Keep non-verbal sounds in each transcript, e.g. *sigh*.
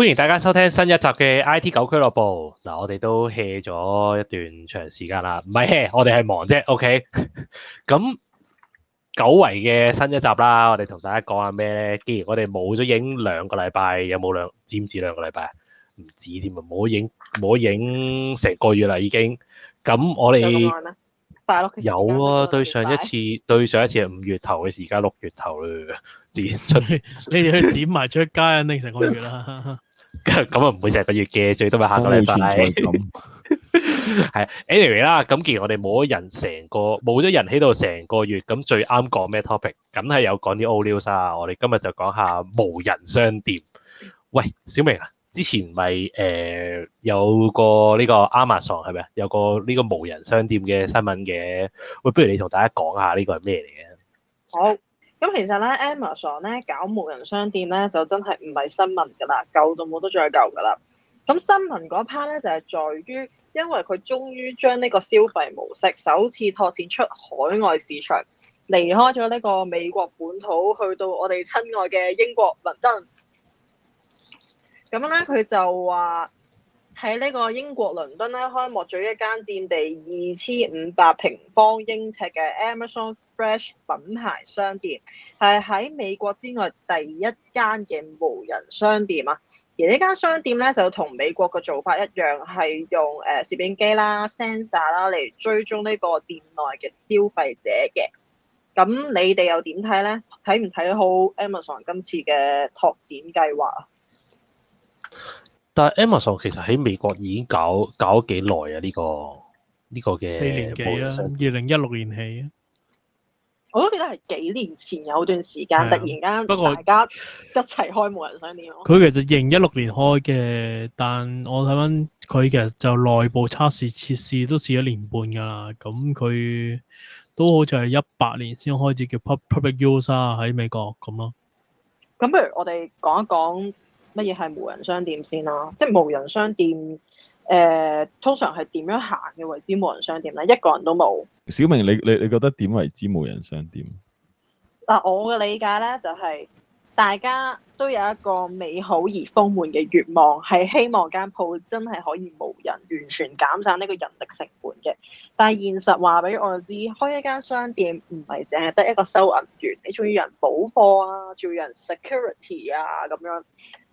歡迎大家收聽新一集嘅 IT 狗俱樂部嗱，我哋都 hea 咗一段長時間啦，唔係 hea，我哋係忙啫，OK？咁久違嘅新一集啦，我哋同大家講下咩咧？既然我哋冇咗影兩個禮拜，有冇兩？唔止兩個禮拜，唔止添啊！冇影，冇影，成個月啦已經。咁我哋有啊，對上一次對上一次係五月頭嘅時間，而家六月頭啦，剪出你哋去剪埋出街，肯定成個月啦。咁啊，唔會成個月嘅，最多咪下個禮拜。係 Anyway 啦，咁既然我哋冇咗人成個，冇咗人喺度成個月，咁最啱講咩 topic，梗係有講啲 all news 啊！我哋今日就講下無人商店。喂，小明啊，之前咪誒有個呢個 Amazon 係咪啊？有個呢個無人商店嘅新聞嘅，喂，不如你同大家講下呢個係咩嚟嘅？好。咁其實咧，Amazon 咧搞無人商店咧，就真係唔係新聞噶啦，舊到冇得再舊噶啦。咁新聞嗰 part 咧，就係在於，因為佢終於將呢個消費模式首次拓展出海外市場，離開咗呢個美國本土，去到我哋親愛嘅英國倫敦。咁咧，佢就話喺呢個英國倫敦咧，開幕咗一間佔地二千五百平方英尺嘅 Amazon Fresh 品牌商店係喺美國之外第一間嘅無人商店啊。而呢間商店咧就同美國嘅做法一樣，係用誒攝影機啦、sensor 啦嚟追蹤呢個店內嘅消費者嘅。咁你哋又點睇咧？睇唔睇好 Amazon 今次嘅拓展計劃啊？但係 Amazon 其實喺美國已經搞搞咗幾耐啊。呢個呢個嘅無人商店。四年幾啦、啊，二零一六年起啊。我都記得係幾年前有段時間的突然間，不過大家一齊開無人商店。佢過其實二零一六年開嘅，但我睇翻佢其實就內部測試測試都試一年半噶啦。咁佢都好似係一八年先開始叫 public usage 喺美國咁咯。咁不如我哋講一講乜嘢係無人商店先啦，即係無人商店。誒，通常係點樣行嘅為之無人商店咧？一個人都冇。小明，你你你覺得點為之無人商店？嗱，我嘅理解咧就係、是、大家都有一個美好而豐滿嘅願望，係希望間鋪真係可以無人完全減省呢個人力成本嘅。但係現實話俾我知，開一間商店唔係淨係得一個收銀員，你仲要有人補貨啊，仲要有人 security 啊咁樣。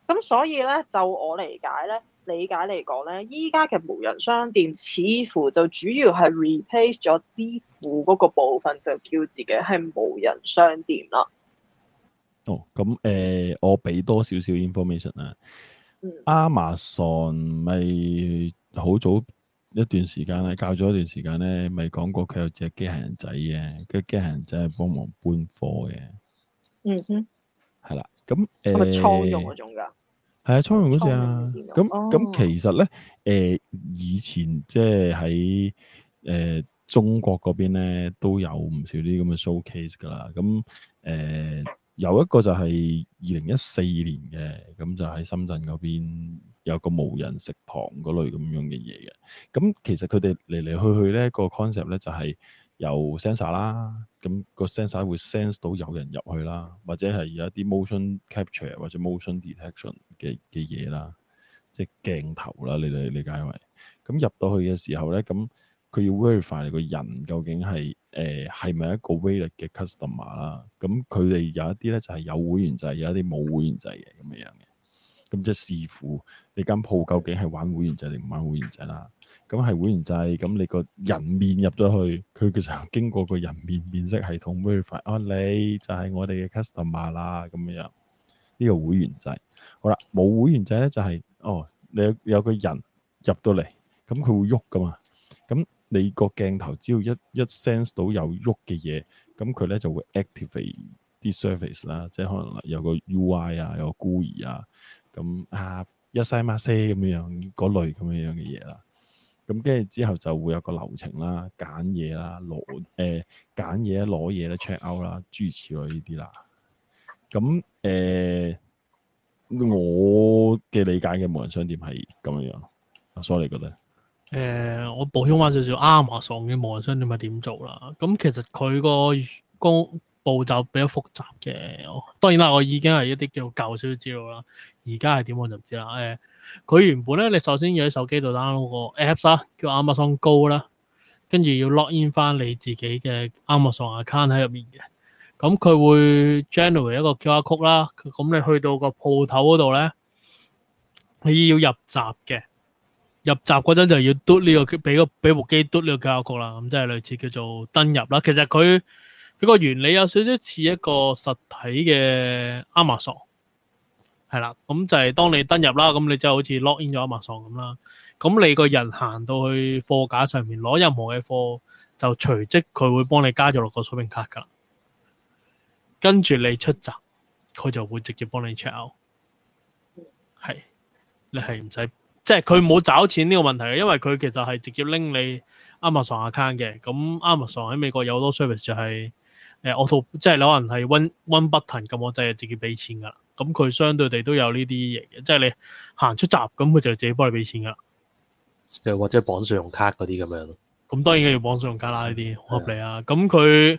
咁所以咧，就我理解咧。理解嚟講咧，依家嘅無人商店似乎就主要係 replace 咗支付嗰個部分，就叫自己係無人商店啦。哦，咁誒、呃，我俾多少少 information 啊。Amazon 咪好早一段時間咧，教咗一段時間咧，咪講過佢有隻機械人仔嘅，個機械人仔係幫忙搬貨嘅。嗯哼，係啦，咁誒，係咪倉用嗰種噶？係啊，雛形嗰時啊，咁咁其實咧，誒、呃、以前即係喺誒中國嗰邊咧，都有唔少啲咁嘅 showcase 㗎啦。咁誒、呃、有一個就係二零一四年嘅，咁就喺深圳嗰邊有個無人食堂嗰類咁樣嘅嘢嘅。咁其實佢哋嚟嚟去去咧個 concept 咧就係、是。有 sensor 啦，咁個 sensor 會 sense 到有人入去啦，或者係有一啲 motion capture 或者 motion detection 嘅嘅嘢啦，即係鏡頭啦，你哋理解為？咁入到去嘅時候咧，咁佢要 verify 你個人究竟係誒係咪一個 valid 嘅 customer 啦，咁佢哋有一啲咧就係有會員制，有一啲冇會員制嘅咁樣嘅，咁即係視乎你間鋪究竟係玩會員制定唔玩會員制啦。咁係會員制，咁你個人面入咗去，佢嘅時候經過個人面辨識系統，verify，啊、 *noise* 哦，你就係我哋嘅 customer 啦，咁樣呢、這個會員制。好啦，冇會員制咧，就係、是、哦，你有，有個人入到嚟，咁佢會喐噶嘛？咁你個鏡頭只要一一 sense 到有喐嘅嘢，咁佢咧就會 activate 啲 service 啦，即係可能有個 UI 啊，有個 GUI 啊，咁啊一西馬西咁樣嗰類咁樣樣嘅嘢啦。咁跟住之後就會有個流程啦，揀嘢啦，攞誒揀嘢攞嘢啦 check out 啦，諸如此類呢啲啦。咁、嗯、誒、呃，我嘅理解嘅無人商店係咁樣樣。阿蘇你覺得？誒、呃，我補充翻少少 Amazon 嘅無人商店係點做啦？咁、嗯、其實佢個工步驟比較複雜嘅。當然啦，我已經係一啲叫舊少少資料啦。而家係點我就唔知啦。誒、呃。佢原本咧，你首先要喺手機度 download 個 apps 啦、啊，叫 Amazon Go 啦，跟住要 login 翻你自己嘅 Amazon account 喺入面嘅。咁佢會 generate 一個 QR code 啦，咁你去到個鋪頭嗰度咧，你要入閘嘅。入閘嗰陣就要嘟呢個，俾個俾部機嘟呢個 QR code 啦。咁即係類似叫做登入啦。其實佢佢個原理有少少似一個實體嘅 Amazon。係啦，咁就係當你登入啦，咁你就好似 log in 咗 Amazon 咁啦，咁你個人行到去貨架上面攞任何嘅貨，就隨即佢會幫你加咗落個 shopping cart 㗎。跟住你出閘，佢就會直接幫你 check out。係，你係唔使，即係佢冇找錢呢個問題嘅，因為佢其實係直接拎你 Amazon account 嘅。咁 Amazon 喺美國有好多 service 就係、是，誒、呃、我套即係可能係 one one button 咁，我就係直接俾錢㗎。咁佢相對地都有呢啲嘢嘅，即係你行出閘，咁佢就自己幫你俾錢噶啦，又或者綁信用卡嗰啲咁樣咯。咁當然要綁信用卡啦，呢啲好合理啊。咁佢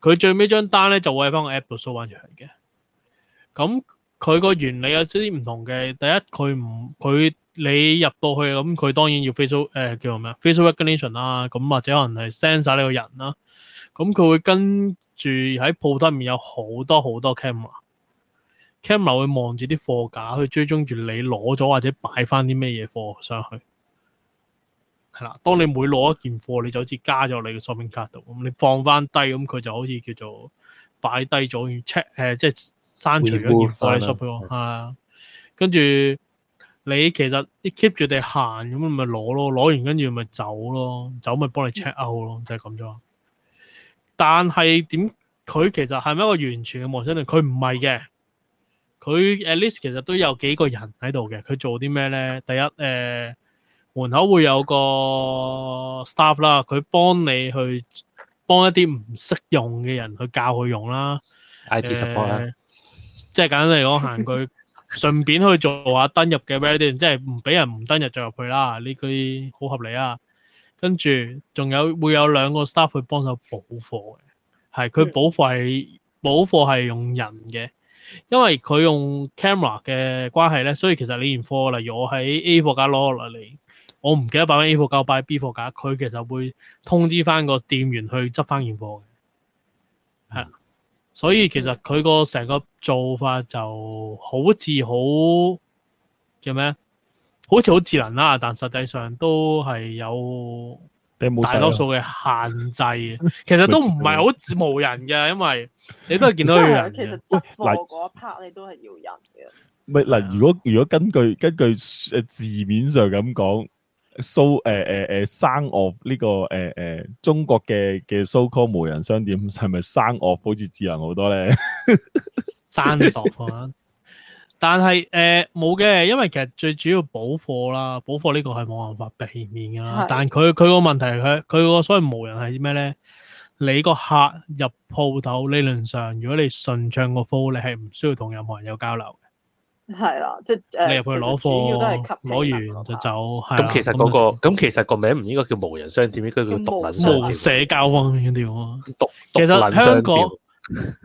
佢最尾張單咧，就會喺翻個 app 度 show 翻出嚟嘅。咁佢個原理有少啲唔同嘅。第一，佢唔佢你入到去咁，佢當然要 facial 誒、呃、叫做咩、嗯、啊，facial recognition 啦。咁或者可能係 send 晒你呢個人啦、啊。咁佢會跟住喺鋪頭入面有好多好多 camera。camera 會望住啲貨架，去追蹤住你攞咗或者擺翻啲咩嘢貨上去係啦。當你每攞一件貨，你就好似加咗你個 shopping 卡度。咁你放翻低，咁佢就好似叫做擺低咗。check 誒、呃，即係刪除咗件貨喺 shop 度。吓，跟住你其實你 keep 住地行咁，咪攞咯。攞完跟住咪走咯，走咪幫你 check out 咯，就係、是、咁樣。但係點佢其實係咪一個完全嘅模式咧？佢唔係嘅。佢 at least 其實都有幾個人喺度嘅。佢做啲咩咧？第一，誒、呃、門口會有個 staff 啦，佢幫你去幫一啲唔識用嘅人去教佢用啦。IT support 啦、呃、即係簡單嚟講， *laughs* 行佢順便去做下登入嘅 ready，即係唔俾人唔登入再入去啦。呢啲好合理啊。跟住仲有會有兩個 staff 去幫手補貨嘅，係，佢補貨，補貨係用人嘅。因為佢用 camera 嘅關係咧，所以其實你件貨，例如我喺 A 貨架攞落嚟，我唔記得擺翻 A 貨架，我擺 B 貨架，佢其實會通知翻個店員去執翻件貨嘅，係，所以其實佢個成個做法就好似好，叫咩？好似好智能啦，但實際上都係有。大多數嘅限制，其實都唔係好無人嘅，因為你都係見到要人嘅。其實執貨嗰一 part 你都係要人嘅。唔係嗱，如果如果根據根據誒字面上咁講，so 誒誒誒 sound 呢個誒誒中國嘅嘅 so-called 無人商店係咪 sound 好似智能好多咧？sound 啊。但係誒，冇、呃、嘅，因為其實最主要補貨啦，補貨呢個係冇辦法避免噶啦。的但係佢佢個問題係佢佢個所謂無人係咩咧？你個客入鋪頭理論上，如果你順暢個貨，你係唔需要同任何人有交流嘅。係啦，即、呃、係你入去攞貨，主要都係攞完就走。咁其實嗰、那個咁的其實個名唔應該叫無人商店，應該叫獨人商店。無社交方面嘅其啊，獨獨商店。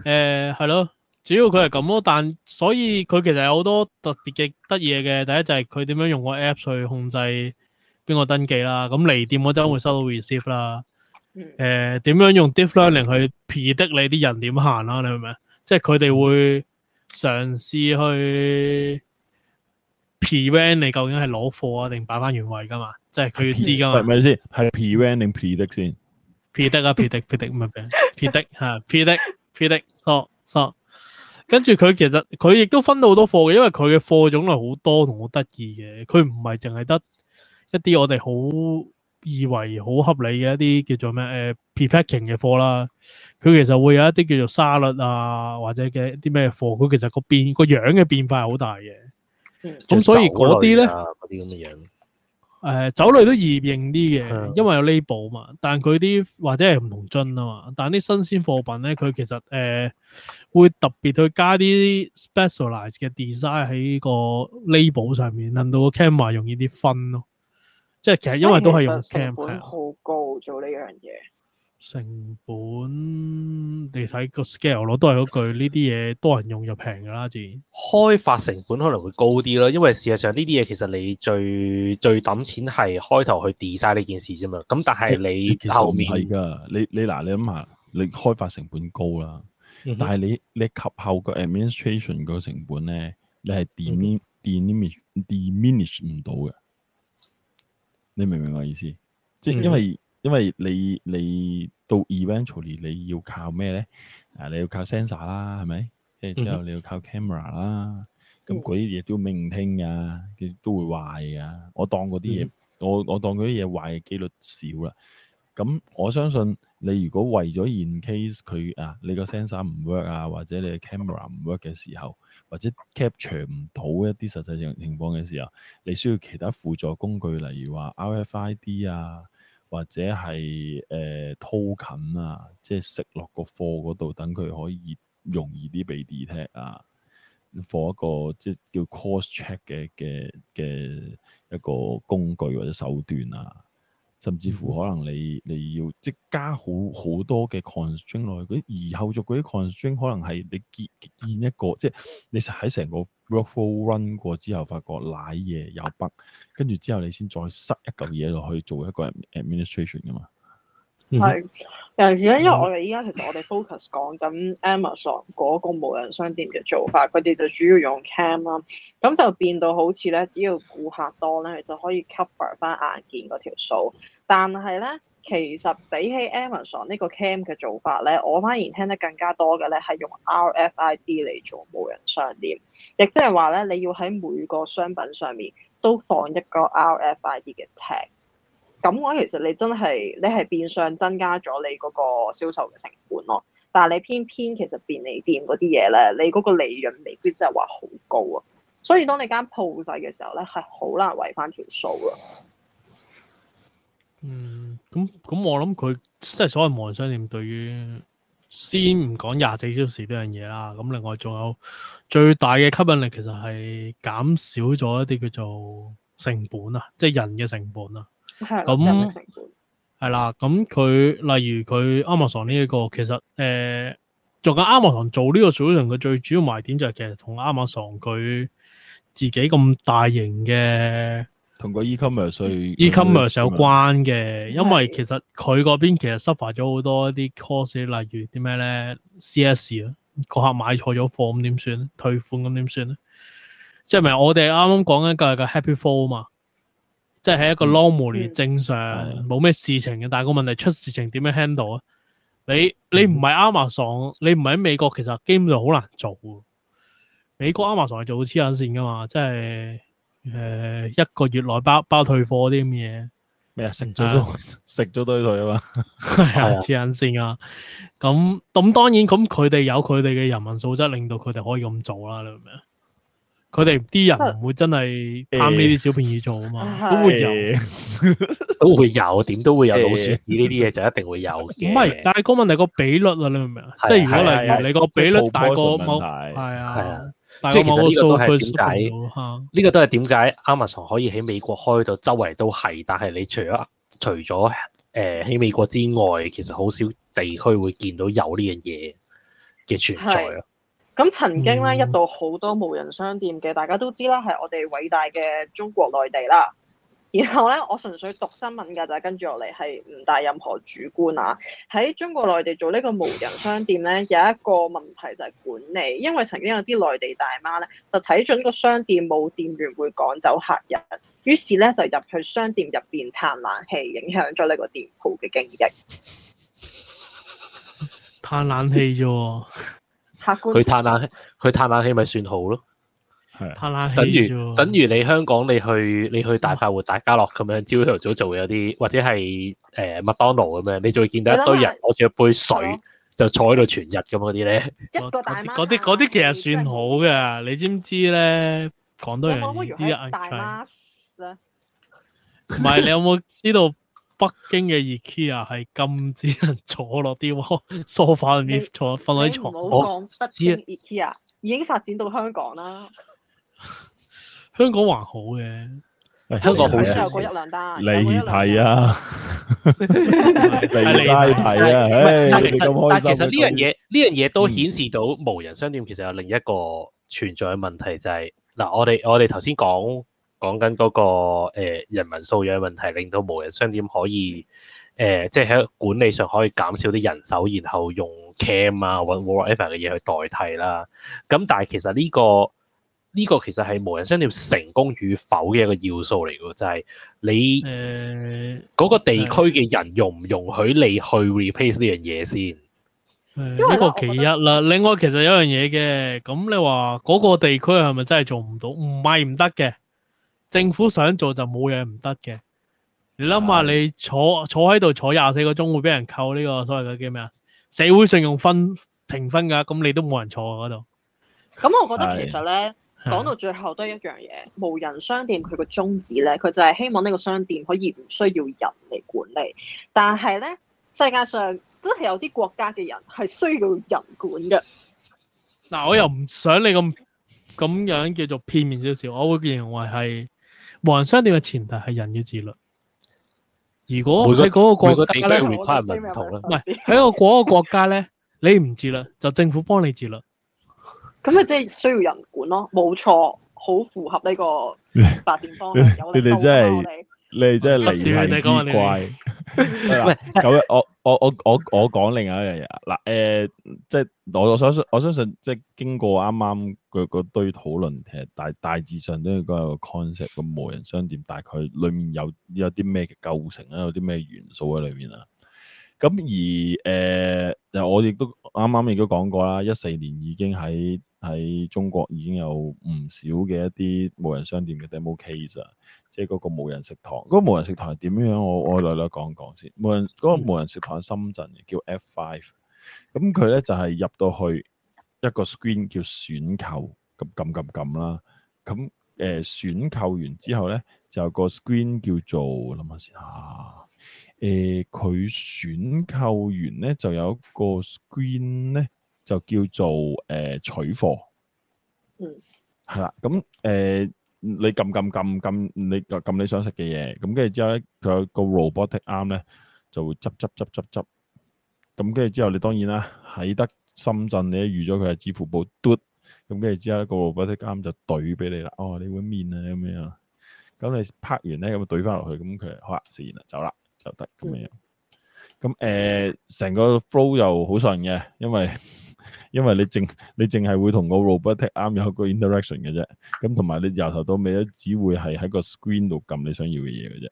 誒，係咯的。 *laughs* *laughs* 主要佢係咁咯，但所以佢其實有好多特別嘅得意嘢嘅。第一就係佢點樣用個 app 去控制邊個登記啦，咁嚟店嗰陣，會收到 receipt 啦。誒，點樣用 deep learning 去 predict 你啲人點行啦？你明唔明？即係佢哋會嘗試去 prevent 你究竟係攞貨啊，定擺翻原位噶嘛？即係佢要知噶嘛？係咪先？係 prevent 定 predict 先？predict 啊，predict predict 唔係咩？predict 吓，predict predict，嗦嗦。跟住佢其實佢亦都分到好多貨嘅，因為佢嘅貨種類好多同好得意嘅。佢唔係淨係得一啲我哋好以為好合理嘅一啲叫做咩誒 pre-packing 嘅貨啦。佢其實會有一啲叫做沙律啊或者嘅啲咩貨。佢其實個變個樣嘅變化係好大嘅。咁所以嗰啲咧，嗰啲咁嘅樣，樣。誒、呃、酒類都易認啲嘅，因為有 label 嘛。但佢啲或者係唔同樽啊嘛。但啲新鮮貨品咧，佢其實誒、呃、會特別去加啲 specialized 嘅 design 喺個 label 上面，令到個 camera 容易啲分咯，啊。即係其實因為都係用 camera，好高做呢樣嘢。成本，你使個 scale 咯，都係嗰句，呢啲嘢多人用就平噶啦。自然開發成本可能會高啲咯，因為事實上呢啲嘢其實你最最抌錢係開頭去 design 呢件事啫嘛。咁但係你後面係噶，你你嗱，你諗下，你開發成本高啦，但係你你及後個 administration 個成本咧，你係 diminish、diminish 唔到嘅。你明唔明我意思？即係因為。因為你你到 eventually 你要靠咩咧？啊，你要靠 sensor 啦，係咪？跟住之後你要靠 camera 啦，咁嗰啲嘢都要 maintain 啊，其實都會壞啊。我當嗰啲嘢，我我當嗰啲嘢壞嘅機率少啦。咁我相信你如果為咗 in case 佢啊，你個 sensor 唔 work 啊，或者你嘅 camera 唔 work 嘅時候，或者 capture 唔到一啲實際情情況嘅時候，你需要其他輔助工具，例如話 RFID 啊。或者係誒拖近啊，即係食落個貨嗰度，等佢可以容易啲畀 detect 啊。放一個即係叫 cost check 嘅嘅嘅一個工具或者手段啊，甚至乎可能你你要即加好好多嘅 constrain 落去，而後續嗰啲 constrain 可能係你建建一個，即係你實喺成個。workflow run 過之後，發覺奶嘢有筆，跟住之後你先再塞一嚿嘢落去做一個 administration 㗎嘛。係有陣時咧，因為我哋依家其實我哋 focus 講緊 Amazon 嗰個無人商店嘅做法，佢哋就主要用 cam 啦，咁就變到好似咧，只要顧客多咧，就可以 cover 返硬件嗰條數，但係咧。其實比起 Amazon 呢個 Cam 嘅做法咧，我反而聽得更加多嘅咧係用 RFID 嚟做無人商店，亦即係話咧你要喺每個商品上面都放一個 RFID 嘅 tag。咁我其實你真係你係變相增加咗你嗰個銷售嘅成本咯。但係你偏偏其實便利店嗰啲嘢咧，你嗰個利潤未必真係話好高啊。所以當你間鋪細嘅時候咧，係好難圍返條數咯。嗯，咁咁我諗佢即係所謂無人商店。對於先唔講廿四小時呢樣嘢啦，咁另外仲有最大嘅吸引力，其實係減少咗一啲叫做成本啊，即係人嘅成本啊。係人力成本係啦，咁佢、嗯嗯嗯、例如佢 Amazon 呢、這、一個，其實誒，呃、做緊 Amazon 做呢個 solution，佢最主要賣點就係其實同 Amazon 佢自己咁大型嘅。同個 e-commerce，所以 e-commerce 有關嘅，的因為其實佢嗰邊其實 suffer 咗好多啲 case，例如啲咩咧？C.S. 啊，個客買錯咗貨，咁點算咧？退款咁點算咧？即係咪我哋啱啱講緊今日 Happy Fall 嘛？即係喺一個 normal 正常冇咩、嗯、事情嘅，嗯、但係個問題出事情點樣 handle 啊？你你唔係 Amazon，你唔喺美國，其實基本上好難做。美國 Amazon 係做到黐撚線噶嘛，即係。誒，一個月內包包退貨啲咁嘢，咩啊食咗食咗堆佢啊嘛，係啊黐眼線啊，咁咁當然咁佢哋有佢哋嘅人民素質，令到佢哋可以咁做啦。你明唔明啊？佢哋啲人唔會真係貪呢啲小便宜做啊嘛，都會有，都會有，點都會有老鼠屎呢啲嘢就一定會有嘅。唔係，但係個問題個比率啊，你明唔明啊？即係如果例如你個比率大過冇，係啊。即係其實呢個都係點解，呢個都係點解 Amazon 可以喺美國開到周圍都係，但係你除咗除咗誒喺美國之外，其實好少地區會見到有呢樣嘢嘅存在咯。咁曾經咧、嗯、一度好多無人商店嘅，大家都知啦，係我哋偉大嘅中國內地啦。然後咧，我純粹讀新聞㗎，就係跟住落嚟，係唔帶任何主觀啊。喺中國內地做呢個無人商店咧，有一個問題就係管理，因為曾經有啲內地大媽咧，就睇準個商店冇店員會趕走客人，於是咧就入去商店入邊嘆冷氣，影響咗呢個店鋪嘅經營。嘆冷氣啫， *laughs* 客觀佢才嘆冷氣，佢嘆冷氣咪算好咯。係，等如等如你香港你，你去你去大快活、大家樂咁樣朝頭早做有啲，或者係誒、呃、麥當勞咁樣，你就會見到一堆人攞住一杯水就坐喺度全日咁嗰啲咧，嗰啲啲其實算好嘅，你知唔知咧？廣東人啲大媽，唔係 *laughs* 你有冇知道北京嘅 IKEA 係禁止人坐落啲窩梳化裏面坐瞓喺床？唔好講北京 IKEA 已經發展到香港啦。 *laughs* 香港還好嘅，香港好少過一兩單，你睇啊，你嘥睇啊，但其實呢樣嘢呢樣嘢都顯示到無人商店其實有另一個存在嘅問題，就係嗱，我哋我哋頭先講講緊嗰個誒人民素養問題，令到無人商店可以誒即係喺管理上可以減少啲人手，然後用 cam 啊，whatever 嘅嘢去代替啦。咁但係其實呢個呢個其實係無人商店成功與否嘅一個要素嚟嘅，就係、是、你嗰、呃、個地區嘅人容唔容許你去 replace 呢樣嘢先。一為個其一啦，另外其實有樣嘢嘅，咁你話嗰個地區係咪真係做唔到？唔係唔得嘅，政府想做就冇嘢唔得嘅。你諗下，你坐、嗯、坐喺度坐廿四個鐘會俾人扣呢、這個所謂嘅叫咩啊？社會信用分評分㗎，咁你都冇人坐喺嗰度。咁、嗯、我覺得其實咧。講到最後都係一樣嘢，無人商店佢個宗旨咧，佢就係希望呢個商店可以唔需要人嚟管理。但係咧，世界上真係有啲國家嘅人係需要人管嘅。嗱，我又唔想你咁咁樣叫做片面少少，我會認為係無人商店嘅前提係人嘅自律。如果喺嗰個國家咧，唔係喺嗰個國家咧， *laughs* 你唔自律，就政府幫你自律。咁啊，即係需要人管咯，冇錯，好符合呢個發展方 *laughs* *laughs* 你哋真係，你哋真係離題之怪。咁 *laughs* *laughs* 啦 *laughs* 我我我我、就是、我講另外一樣嘢嗱，誒，即係我我相信我相信，即、就、係、是、經過啱啱嗰嗰堆討論，其實大大致上都係講有個 concept 個無人商店，大概裡面有有啲咩構成咧，有啲咩元素喺裏面啊。咁而誒、呃，我亦都啱啱亦都講過啦，一四年已經喺喺中國已經有唔少嘅一啲無人商店嘅，demo case 啊，即係嗰個無人食堂。嗰、那個無人食堂係點樣？我我略略講講先。無人嗰、那個無人食堂喺深圳嘅，叫 F Five。咁佢咧就係、是、入到去一個 screen 叫選購，咁撳撳撳啦。咁誒、呃、選購完之後咧，就有個 screen 叫做諗下先嚇。誒佢選購完咧就有一個 screen 咧。就叫做誒、呃、取貨，嗯，係啦、嗯。咁、嗯、誒，你撳撳撳撳，你撳你想食嘅嘢。咁跟住之後咧，佢有個 robotic arm 啱咧就會執執執執執。咁跟住之後，你當然啦喺得深圳你，你都預咗佢係支付寶嘟。咁跟住之後，一個 robotic arm 啱就對俾你啦。哦，你碗麵啊咁樣樣。咁你拍完咧咁對翻落去，咁佢好嚇自然啦，走啦就得咁樣樣。咁誒、嗯，成、嗯嗯嗯嗯、個 flow 又好順嘅，因為。因為你淨你淨係會同個 robot 啱有一個 interaction 嘅啫，咁同埋你由頭到尾都只會係喺個 screen 度撳你想要嘅嘢嘅啫。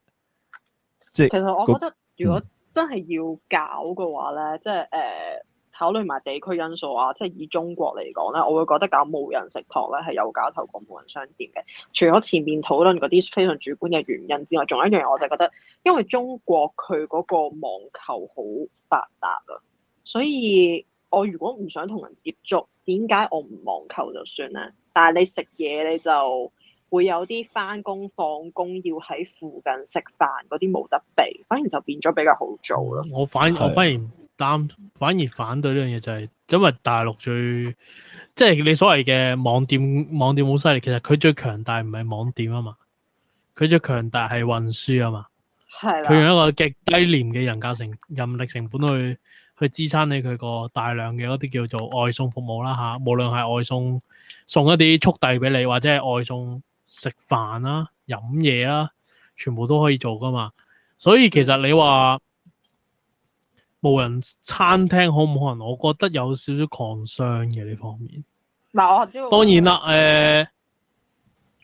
即係其實我覺得，嗯、如果真係要搞嘅話咧，即係誒、欸、考慮埋地區因素啊，即係以中國嚟講咧，我會覺得搞無人食堂咧係有搞頭過無人商店嘅。除咗前面討論嗰啲非常主觀嘅原因之外，仲有一樣嘢我就係覺得，因為中國佢嗰個網購好發達啊，所以。我如果唔想同人接觸，點解我唔網購就算啦？但係你食嘢你就會有啲返工放工要喺附近食飯嗰啲冇得避，反而就變咗比較好做咯、嗯。我反我反而擔，的反而反對呢樣嘢就係、是，因為大陸最即係、就是、你所謂嘅網店，網店好犀利，其實佢最強大唔係網店啊嘛，佢最強大係運輸啊嘛，係佢的用一個極低廉嘅人價成人力成本去。去支撐你，佢個大量嘅一啲叫做外送服務啦吓，無論係外送送一啲速遞俾你，或者係外送食飯啦、啊、飲嘢啦，全部都可以做噶嘛。所以其實你話無人餐廳可唔可能，我覺得有少少抗商嘅呢方面。嗱，我當然啦，誒、呃，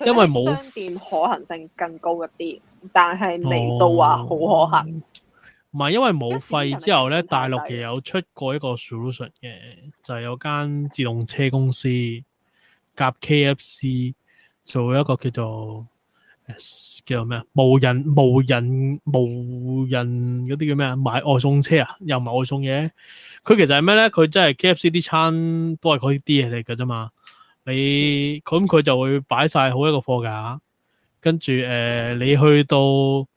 因為冇店可行性更高一啲，但係未到話好可行。哦唔係，因為冇費之後咧，大陸其實有出過一個 solution 嘅，就係有間自動車公司夾 K F C 做一個叫做叫做咩啊？無人無人無人嗰啲叫咩啊？買外送車啊，又唔係外送嘢。佢其實係咩咧？佢真係 K F C 啲餐都係佢啲嘢嚟噶啫嘛。你咁佢就會擺晒好一個貨架，跟住誒你去到。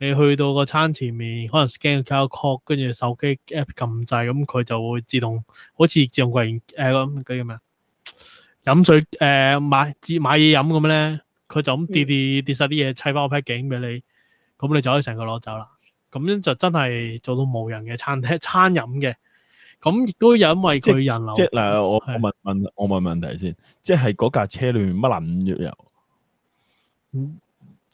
你去到個餐前面，可能 scan 個 card code，跟住手機 app 撳掣，咁佢就會自動，好似自動櫃員誒咁叫咩啊？飲水誒、呃、買自買嘢飲咁咧，佢就咁跌跌跌晒啲嘢，砌翻個批鏡俾你，咁你就可以成個攞走啦。咁樣就真係做到無人嘅餐廳餐飲嘅，咁亦都有因為佢人流。即嗱，我問是我問問我問問題先，即係嗰架車裏面乜諗住有？嗯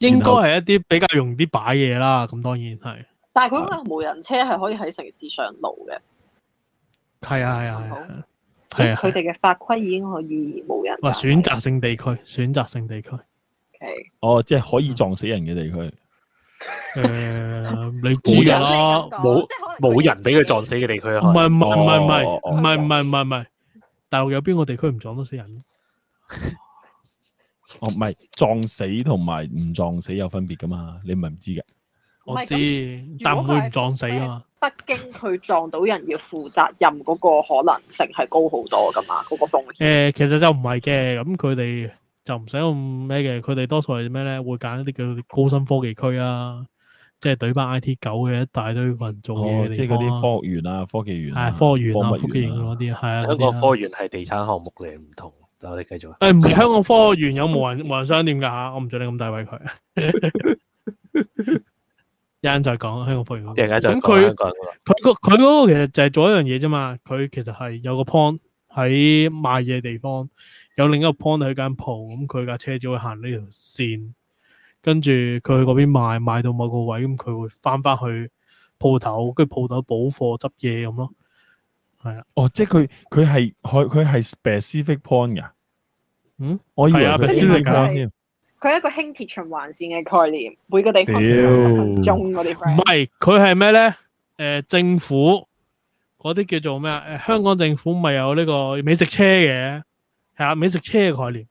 應該係一啲比較容易擺嘢啦，咁當然係。但係佢嗰個無人車係可以喺城市上路嘅。係啊係啊係啊！係啊，佢哋嘅法規已經可以無人。哇！選擇性地區，選擇性地區。OK。哦，即係可以撞死人嘅地區。誒，你知啊？冇冇人俾佢撞死嘅地區啊？唔係唔係唔係唔係唔係唔係唔係，大陸有邊個地區唔撞得死人？哦，唔係撞死同埋唔撞死有分別噶嘛？你唔係唔知嘅，唔係，我知，但會唔撞死啊嘛？北京佢撞到人要負責任嗰個可能性係高好多噶嘛，嗰、嗰個風險。誒，其實就唔係嘅，咁佢哋就唔使咁咩嘅，佢哋多數係咩咧？會揀一啲叫高新科技區啊，即係懟班 I T 九嘅一大堆群眾嘅地方啊，即係嗰啲科學園啊，科技園啊，科園啊，科技園嗰啲啊，係啊，香港科園係地產項目嚟唔同。我哋繼續。誒，唔係香港科學園有無人無人商店噶，我唔想你咁大位佢。一 *laughs* 陣 *laughs* 再講香港科學園。一陣再佢佢個嗰個其實就係做一樣嘢啫嘛。佢其實係有個 point 喺賣嘢地方，有另一個 point 喺間鋪。咁佢架車只會行呢條線，跟住佢去嗰邊賣，賣到某個位，咁佢會翻翻去鋪頭，跟住鋪頭補貨執嘢咁咯。係啊，哦，即係佢，佢係佢，佢係 specific point 噶。嗯，我以為佢點解？佢係一個輕鐵循環線嘅概念，每個地方十分鐘啲唔係，佢係咩咧？誒、呃，政府嗰啲叫做咩啊？誒、呃，香港政府咪有呢個美食車嘅，係啊，美食車嘅概念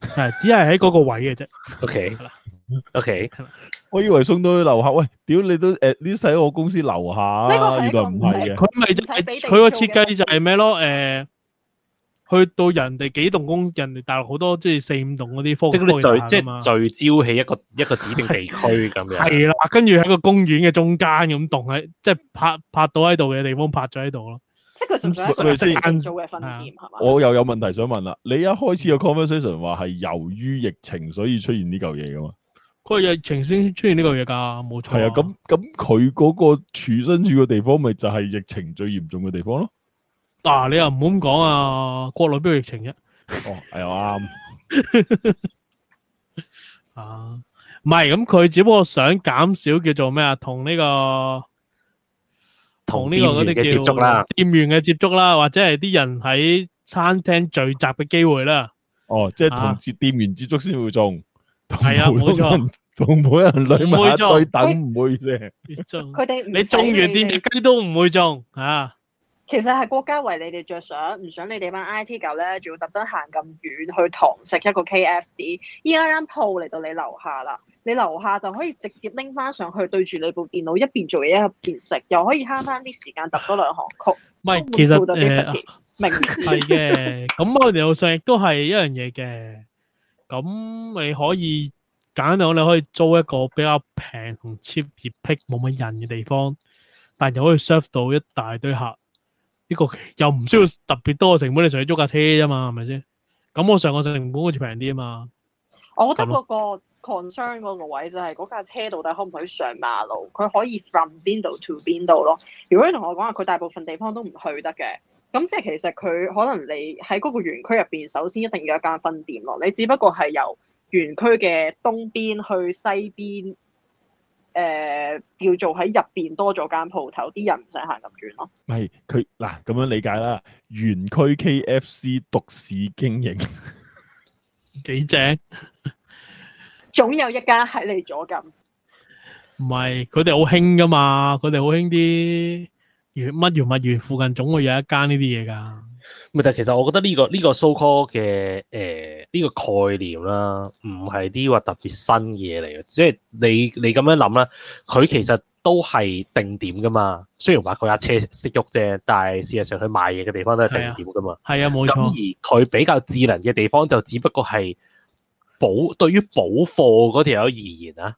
係，只係喺嗰個位嘅啫。OK，OK。我以為送到去樓下，喂，屌你都誒呢使喺我公司樓下，原來唔係嘅。佢咪就係佢個設計就係咩咯？誒、呃，去到人哋幾棟公，人哋大陸好多即係四五棟嗰啲科技即係聚即聚焦喺一個的一個指定地區咁樣。係啦，跟住喺個公園嘅中間咁棟喺，即係拍拍到喺度嘅地方拍咗喺度咯。即係佢想做一間租嘅分店係嘛？我又有問題想問啦，的你一開始個 conversation 話係由於疫情，所以出現呢嚿嘢噶嘛？不過，疫情先出現呢個嘢㗎，冇錯。係啊，咁咁佢嗰個處身處嘅地方，咪就係疫情最嚴重嘅地方咯。嗱、啊，你又唔好咁講啊，國內邊個疫情啫？哦，係啊，啱。 *laughs* *laughs* 啊，唔係，咁佢只不過想減少叫做咩啊？同呢、呢個同呢個嗰啲叫店員嘅接觸啦，店員嘅接觸啦，或者係啲人喺餐廳聚集嘅機會啦。哦、啊啊，即係同店店員接觸先會中，係啊，冇、啊、錯。仲冇人女買一對等唔會靚，佢哋你種完啲嘢，雞都唔會種啊！其實係國家為你哋着想，唔想你哋班 I T 狗咧，仲要特登行咁遠去堂食一個 K F C，依家間鋪嚟到你樓下啦，你樓下就可以直接拎翻上去，對住你部電腦一邊做嘢一邊食，又可以慳翻啲時間，揼多兩行曲。唔係，其實嘅明嘅咁我哋路上亦都係一樣嘢嘅，咁你可以。簡單講，你可以租一個比較平同 cheap 熱僻冇乜人嘅地方，但又可以 serve 到一大堆客。呢個又唔需要特別多嘅成本，你上去租架車啫嘛，係咪先？咁我上個成本好似平啲啊嘛。我覺得嗰個 concern 嗰個位就係嗰架車到底可唔可以上馬路？佢可以 from 邊度 to 邊度咯？如果你同我講話佢大部分地方都唔去得嘅，咁即係其實佢可能你喺嗰個園區入邊，首先一定要有一間分店咯。你只不過係由園區嘅東邊去西邊，誒、呃、叫做喺入邊多咗間鋪頭，啲人唔使行咁遠咯。係佢嗱咁樣理解啦，園區 KFC 獨市經營 *laughs* 幾正 *laughs* 總有一間喺你左近。唔係佢哋好興㗎嘛，佢哋好興啲，園乜園乜園附近總會有一間呢啲嘢㗎。咪但其實我覺得呢個呢個 so call 嘅，誒、呢個概念啦，唔係啲話特別新嘅嘢嚟嘅，即係你你咁樣諗啦，佢其實都係定點噶嘛。雖然話佢架車識喐啫，但係事實上佢賣嘢嘅地方都係定點噶嘛。係啊，冇錯。而佢比較智能嘅地方就只不過係補，對於補貨嗰條友而言啊，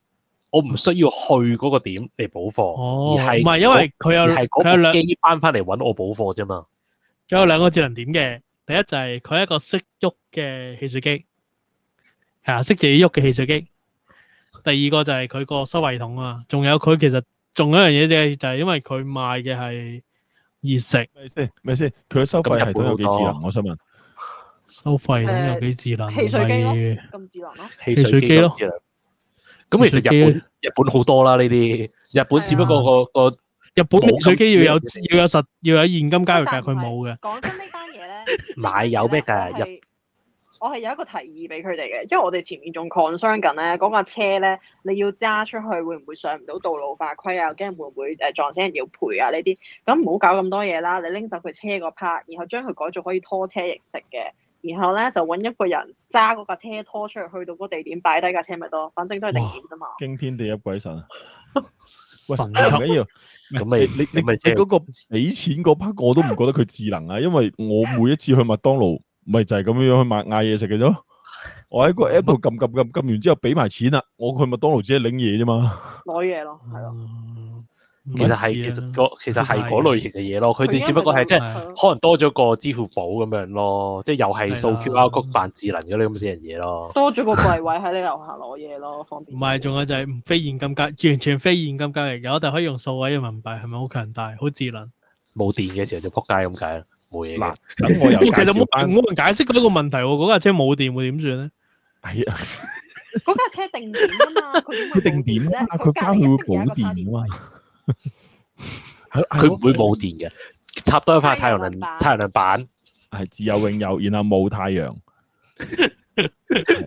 我唔需要去嗰個點嚟補貨，哦、而係唔係因為佢有係嗰部機翻翻嚟搵我補貨啫嘛。有兩個智能點嘅，第一就係佢一個識喐嘅汽水機，係啊，識自己喐嘅汽水機。第二個就係佢個收費桶啊。仲有佢其實仲有一樣嘢就係，就係因為佢賣嘅係熱食，係咪先？係咪先？佢嘅收費桶有幾智能？我想問，收費桶有幾智能？汽水機咯，咁智能咯？汽水機咯。咁其實日本日本好多啦呢啲，日本只不過個個。日本潛水機要有要有實要有現金交易，但係佢冇嘅。講真呢單嘢咧，買 *laughs* 有咩價是入？我係有一個提議俾佢哋嘅，因為我哋前面仲 concern 緊咧，架、那個、車咧，你要揸出去會唔會上唔到道路法規啊？驚會唔會誒撞死人要賠啊？呢啲咁唔好搞咁多嘢啦。你拎走佢車個 part，然後將佢改做可以拖車形式嘅。然後咧就揾一個人揸嗰架車拖出去，去到嗰個地點擺低架車咪得咯，反正都係零件啫嘛。驚天地泣鬼神啊！神級啊！唔緊要，你你你你嗰個俾錢嗰班我都唔覺得佢智能啊，因為我每一次去麥當勞咪就係咁樣樣去買嗌嘢食嘅啫。我喺個 app 度撳撳撳撳完之後俾埋錢啦，我去麥當勞只係領嘢啫嘛。攞嘢咯，係咯。其實係其實係嗰類型嘅嘢咯，佢哋只不過係即係可能多咗個支付寶咁樣咯，即係又係掃 QR code 扮智能嗰啲咁嘅嘢咯。多咗個櫃位喺你樓下攞嘢咯，方便。唔係，仲有就係非現金交，完全非現金交易有，但可以用數位嘅貨幣，係咪好強大，好智能？冇電嘅時候就扑街咁解。冇嘢。咁我又其實冇解，我唔解釋過嗰個問題。嗰架車冇電會點算咧？係啊，嗰架車定點啊嘛，佢定點啊佢翻去會補電噶嘛。佢唔 *laughs* 會冇電嘅，插多一塊太陽能太陽能板，係 *laughs* 自有永有，然後冇太陽。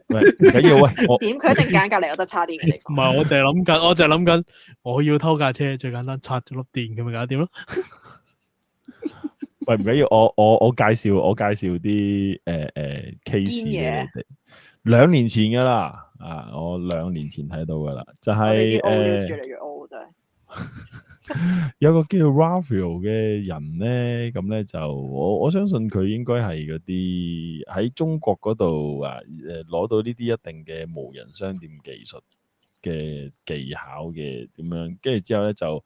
唔緊要喂，我點佢一定揀隔籬有得叉電嘅。唔係，我淨係諗緊，我淨係諗緊，我要偷架車最簡單，插咗粒電咁咪搞掂咯。 *laughs* 喂，唔緊要，我我我介紹我介紹啲誒誒 case 嘅你哋，兩年前噶啦，啊，我兩年前睇到噶啦，就係、是、我歐歐越嚟越 *laughs* 有個叫 Rafael 嘅人咧，咁咧，就我我相信佢應該係嗰啲喺中國嗰度啊，誒、呃、攞到呢啲一定嘅無人商店技術嘅技巧嘅點樣，跟住之後咧就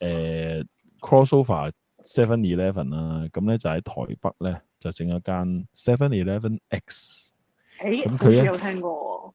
誒 Crossover Seven Eleven 啦，咁、呃、咧、啊、就喺台北咧就整一間 Seven Eleven X，咁佢、欸、有聽過，哦。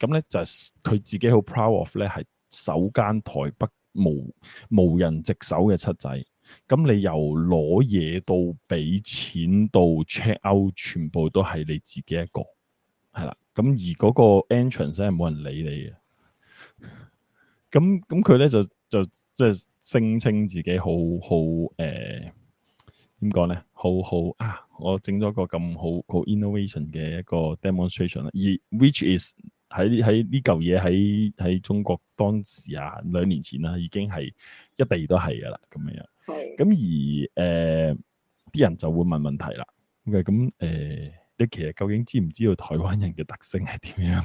咁咧就係佢自己好 proud of 咧，係首間台北無無人值守嘅七仔。咁你由攞嘢到俾錢到 check out，全部都係你自己一個，係啦。咁而嗰個 entrance 真係冇人理你嘅。咁咁佢咧就就即係聲稱自己好好誒點講咧好好啊！我整咗個咁好好 innovation 嘅一個 demonstration，而 which is 喺喺呢嚿嘢喺喺中國當時啊兩年前啦、啊，已經係一地都係噶啦咁樣。係咁、嗯、而誒啲、呃、人就會問問題啦。咁、嗯、嘅、呃、你其實究竟知唔知道台灣人嘅特性係點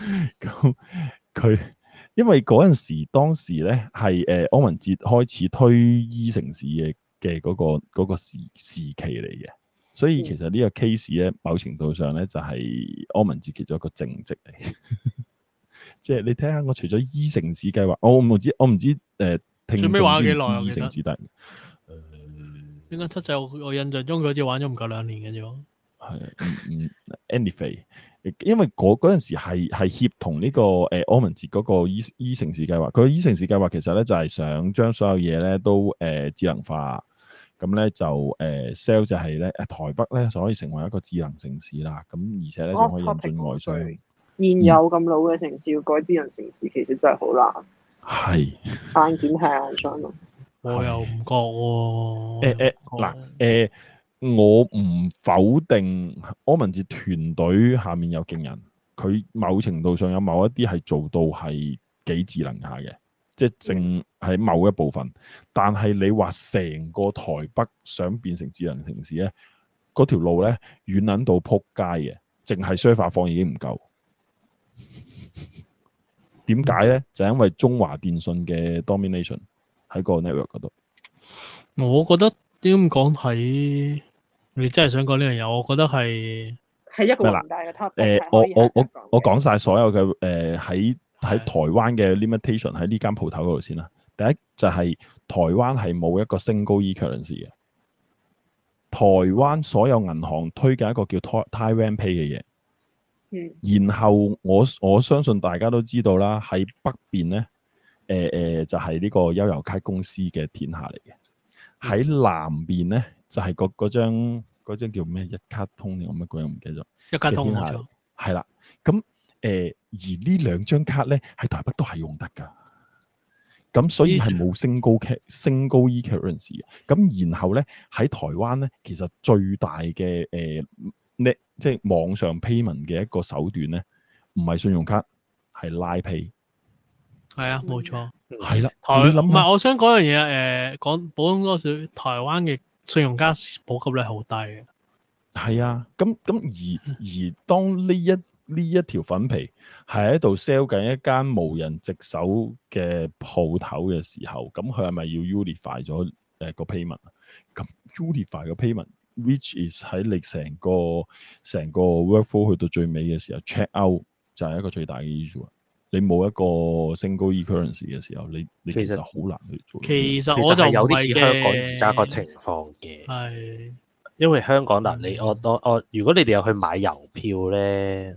樣嘅？咁 *laughs* 佢、嗯、因為嗰陣時當時咧係誒歐文哲開始推衣城市嘅嘅嗰個嗰、那個時、時期嚟嘅。所以其實個呢個 case 咧，某程度上咧就係歐文其中一個正職嚟，即 *laughs* 係你睇下我除咗 E 城市計劃，我唔知我唔知誒。呃、知知最尾玩咗幾耐啊？E 城市得。誒對，點解七仔，我印象中佢好似玩咗唔夠兩年嘅啫喎。係，anyway 因為嗰嗰陣時係協同呢、這個誒歐、呃、文捷嗰個 E E 城市計劃。佢 E 城市計劃其實咧就係想將所有嘢咧都誒、呃、智能化。咁咧就誒 sell、呃、就係咧誒台北咧就可以成為一個智能城市啦，咁而且咧仲、oh, 可以引進外水。現有咁老嘅城市要改智能城市，其實真係好難。係。硬件係硬件我又唔覺喎。誒嗱誒，欸欸嗯、我唔否定柯文哲團隊下面有勁人，佢某程度上有某一啲係做到係幾智能下嘅。即係淨喺某一部分，但係你話成個台北想變成智能城市咧，嗰條路咧遠撚到撲街嘅，淨係需 u 放已經唔夠。點解咧？就是、因為中華電信嘅 domination 喺個 network 度。我覺得點咁講，喺你真係想講呢樣嘢，我覺得係，係一個好大嘅 topic。誒，我我我我講曬所有嘅誒，喺、呃。喺台灣嘅 limitation 喺呢間鋪頭嗰度先啦。第一就係、是、台灣係冇一個升高 e-currency 嘅。台灣所有銀行推介一個叫 Taiwan Pay 嘅嘢。嗯、然後我我相信大家都知道啦，喺北邊咧，誒、呃、誒、呃、就係、是、呢個悠遊卡公司嘅天下嚟嘅。喺南邊咧就係個嗰張叫咩一卡通定乜鬼，我唔記得咗。一卡通冇錯。係啦，咁。誒，而呢兩張卡咧喺台北都係用得噶，咁所以係冇升高卡、升高 eCurrency 嘅。咁然後咧喺台灣咧，其實最大嘅誒，你、呃、即係網上 payment 嘅一個手段咧，唔係信用卡係拉 Pay。係啊，冇錯。係啦、 *noise* 啊呃，台唔係我想講樣嘢啊。誒，講補充多少，台灣嘅信用卡普及率好低嘅。係 *noise* *noise* 啊，咁咁而而,而當呢一呢一條粉皮係喺度 sell 緊一間無人值守嘅鋪頭嘅時候，咁佢係咪要 unify 咗誒個 payment 啊 pay？咁 unify 個 payment，which is 喺你成個成個 workflow 去到最尾嘅時候 check out 就係一個最大嘅 issue 啊！你冇一個 single e currency 嘅時候，你你其實好難去做。其實我就有啲似香港而家個情況嘅，係的因為香港嗱，嗯、你我我我，如果你哋有去買郵票咧。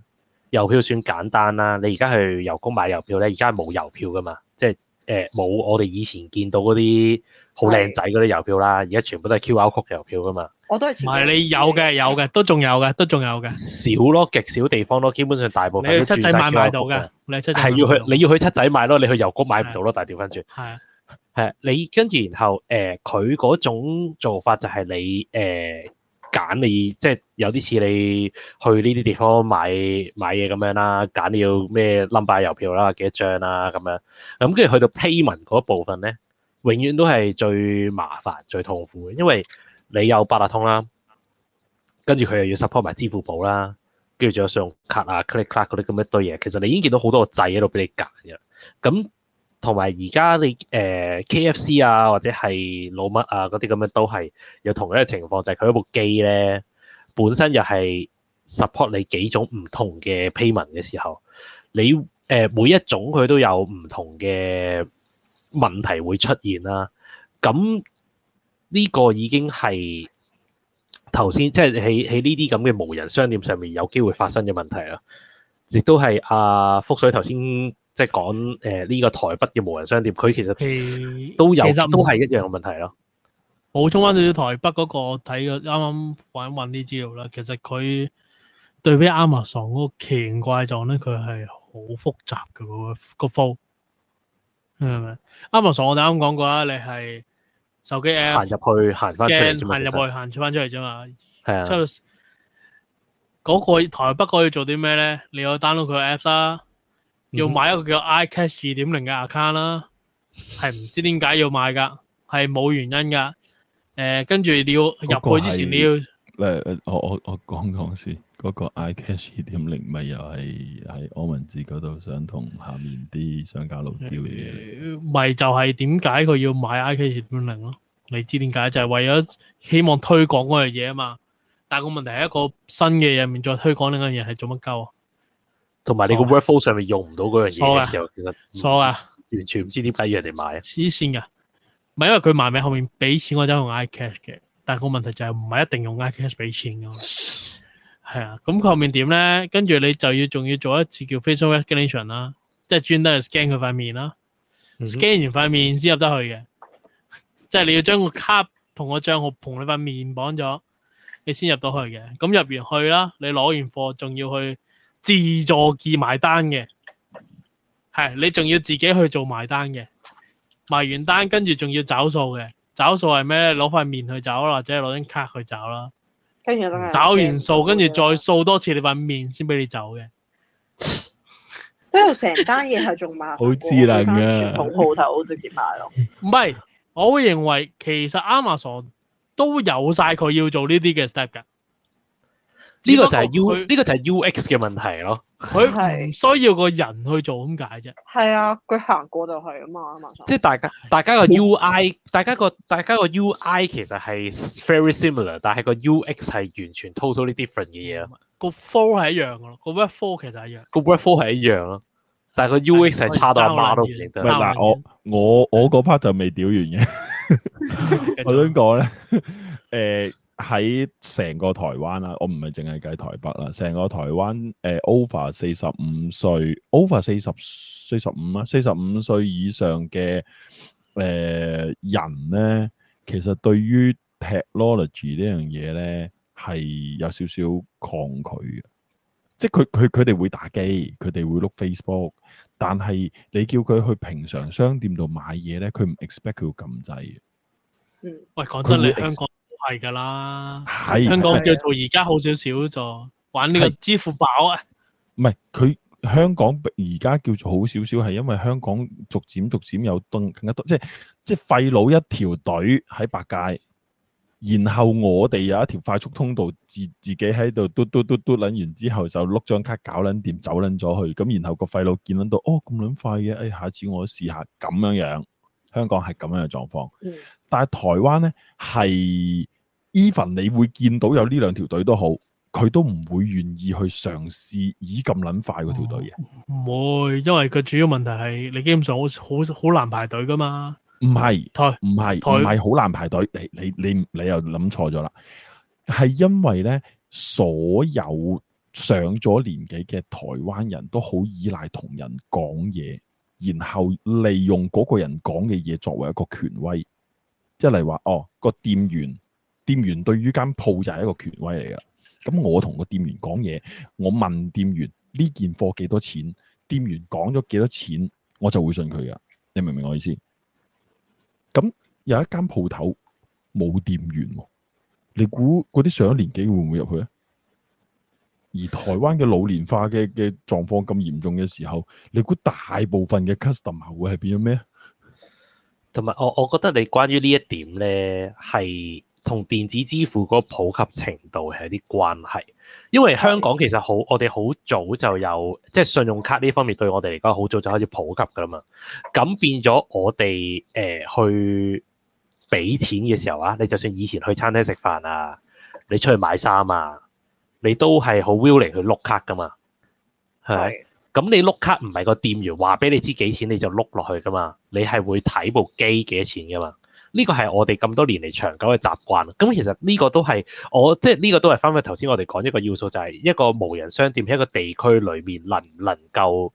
郵票算簡單啦，你而家去郵局買郵票咧，而家係冇郵票噶嘛？即係誒冇我哋以前見到嗰啲好靚仔嗰啲郵票啦，而家的全部都係 QR code 郵票噶嘛。我都係。唔係你有嘅，有嘅，都仲有嘅，都仲有嘅。少咯，極少地方咯，基本上大部分 code，你買買。你去七仔買唔買到嘅？係要去你要去七仔買咯，嗯、你去郵局買唔到咯，的但係調翻轉。係啊，你跟住然後誒，佢、呃、嗰、呃、種做法就係你誒。揀你即係有啲似你去呢啲地方買買嘢咁樣啦，揀你要咩 number 郵票啦，幾多張啦咁樣。咁跟住去到 payment 嗰一部分咧，永遠都係最麻煩、最痛苦嘅，因為你有八達通啦，跟住佢又要 support 埋支付寶啦，跟住仲有信用卡啊、credit card 嗰啲咁一堆嘢。其實你已經見到好多個掣喺度俾你揀嘅，咁。同埋而家你誒 KFC 啊，或者係老乜啊嗰啲咁樣都係有同一個情況，就係佢部機咧本身又係 support 你幾種唔同嘅 payment 嘅時候，你誒每一種佢都有唔同嘅問題會出現啦。咁呢個已經係頭先即係喺喺呢啲咁嘅無人商店上面有機會發生嘅問題啦，亦都係阿福水頭先。即係講誒呢個台北嘅無人商店，佢其實都有，其實都係一樣嘅問題咯。補充翻少少台北嗰個，睇個啱啱搵搵啲資料啦。其實佢對比 Amazon 嗰個奇形怪狀咧，佢係好複雜嘅個個 flow 是是。係咪？Amazon 我哋啱啱講過啦，你係手機 app 行入去，行出嚟，行翻出嚟啫嘛。係啊。嗰個台北嗰個要做啲咩咧？你有 download 佢 apps 啦、啊。嗯、要買一個叫 iCash 二點零嘅 account 啦，係唔、啊、知點解要買噶，係冇原因噶。誒、呃，跟住你要入去之前你要誒我我我講講先，嗰、那個 iCash 二點零咪又係喺柯文哲嗰度想同下面啲商家攞料嘅嘢，咪就係點解佢要買 iCash 二點零咯？你知點解？就係、是、為咗希望推廣嗰樣嘢啊嘛。但係個問題係一個新嘅入面再推廣呢樣嘢係做乜鳩啊？同埋你個 workflow 上面用唔到嗰樣嘢嘅時候，其實錯噶的、嗯，完全唔知點解要人哋買啊！黐線噶，唔係因為佢埋名後面俾錢我就用 iCash 嘅，但係個問題就係唔係一定用 iCash 俾錢噶嘛。係啊， *laughs* 咁佢後面點咧？跟住你就要仲要做一次叫 facial recognition 啦，即係專登係 scan 佢塊面啦，scan 完塊面先入得去嘅。即係 *laughs* 你要將個卡同個賬號同你塊面綁咗，你先入到去嘅。咁入完去啦，你攞完貨仲要去。自助記埋單嘅，係你仲要自己去做埋單嘅，埋完單跟住仲要找數嘅，找數係咩？攞塊面去找或者攞張卡去找啦。跟住等下。找完數跟住再掃多次你塊面先俾你走嘅。呢度成單嘢係做麻好 *laughs* 智能嘅，同統鋪頭直接買咯。唔係 *laughs* 我會認為其實 Amazon 都有晒佢要做呢啲嘅 step 嘅。呢個就係 U，呢個就係 U X 嘅問題咯，佢唔需要個人去做咁解啫。係啊，佢行過就係啊嘛。即係大家大家個 U I，大家個大家個 U I 其實係 very similar，但係個 U X 係完全 totally different 嘅嘢啊嘛。個 flow 係一樣嘅咯，個 workflow 其實一樣，個 workflow 係一樣咯，但係個 U X 係差到阿媽都唔認得。唔係嗱，我我我嗰 part 就未屌完嘅。我想講咧，誒。喺成個台灣啦，我唔係淨係計台北啦，成個台灣誒、呃、over 四十五歲，over 四十四十五啦，四十五歲以上嘅誒人咧，其實對於 technology 呢樣嘢咧係有少少抗拒嘅，即係佢佢佢哋會打機，佢哋會碌 Facebook，但係你叫佢去平常商店度買嘢咧，佢唔 expect 佢會撳掣嘅。喂，講真，你香港。係噶啦，香港叫做而家好少少咗。玩呢個支付寶啊，唔係佢香港而家叫做好少少，係因為香港逐漸逐漸有多更加多，即係即係廢佬一條隊喺百佳，然後我哋有一條快速通道自，自自己喺度嘟嘟嘟嘟捻完之後就碌張卡搞捻掂走捻咗去，咁然後個廢佬見捻到哦咁捻快嘅，哎下次我都試下咁樣樣，香港係咁樣嘅狀況，但係台灣呢，係。even 你會見到有呢兩條隊都好，佢都唔會願意去嘗試以咁捻快嗰條隊嘅，唔、哦、會，因為佢主要問題係你基本上好好難排隊噶嘛，唔係是台唔係台唔係好難排隊，你你你，你又諗錯咗啦，係因為呢所有上咗年紀嘅台灣人都好依賴同人講嘢，然後利用嗰個人講嘅嘢，作為一個權威，即係話哦個店員。店員對於間鋪就係一個權威嚟噶，咁我同個店員講嘢，我問店員呢件貨幾多錢，店員講咗幾多錢，我就會信佢噶。你明唔明我意思？咁有一間鋪頭冇店員，你估嗰啲上咗年紀會唔會入去啊？而台灣嘅老年化嘅嘅狀況咁嚴重嘅時候，你估大部分嘅 customer 會係變咗咩？同埋我，我覺得你關於呢一點咧係。同電子支付嗰個普及程度係有啲關係，因為香港其實好，我哋好早就有即係、就是、信用卡呢方面對我哋嚟講，好早就開始普及噶啦嘛。咁變咗我哋誒去俾錢嘅時候啊，你就算以前去餐廳食飯啊，你出去買衫啊，你都係好 willing 去碌卡噶嘛，係咪？咁的你碌卡唔係個店員話俾你知幾錢你就碌落去噶嘛，你係會睇部機幾多錢噶嘛。呢個係我哋咁多年嚟長久嘅習慣，咁其實呢個都係我即係呢個都係翻返頭先我哋講一個要素，就係、係、一個無人商店喺一個地區裏面能唔能夠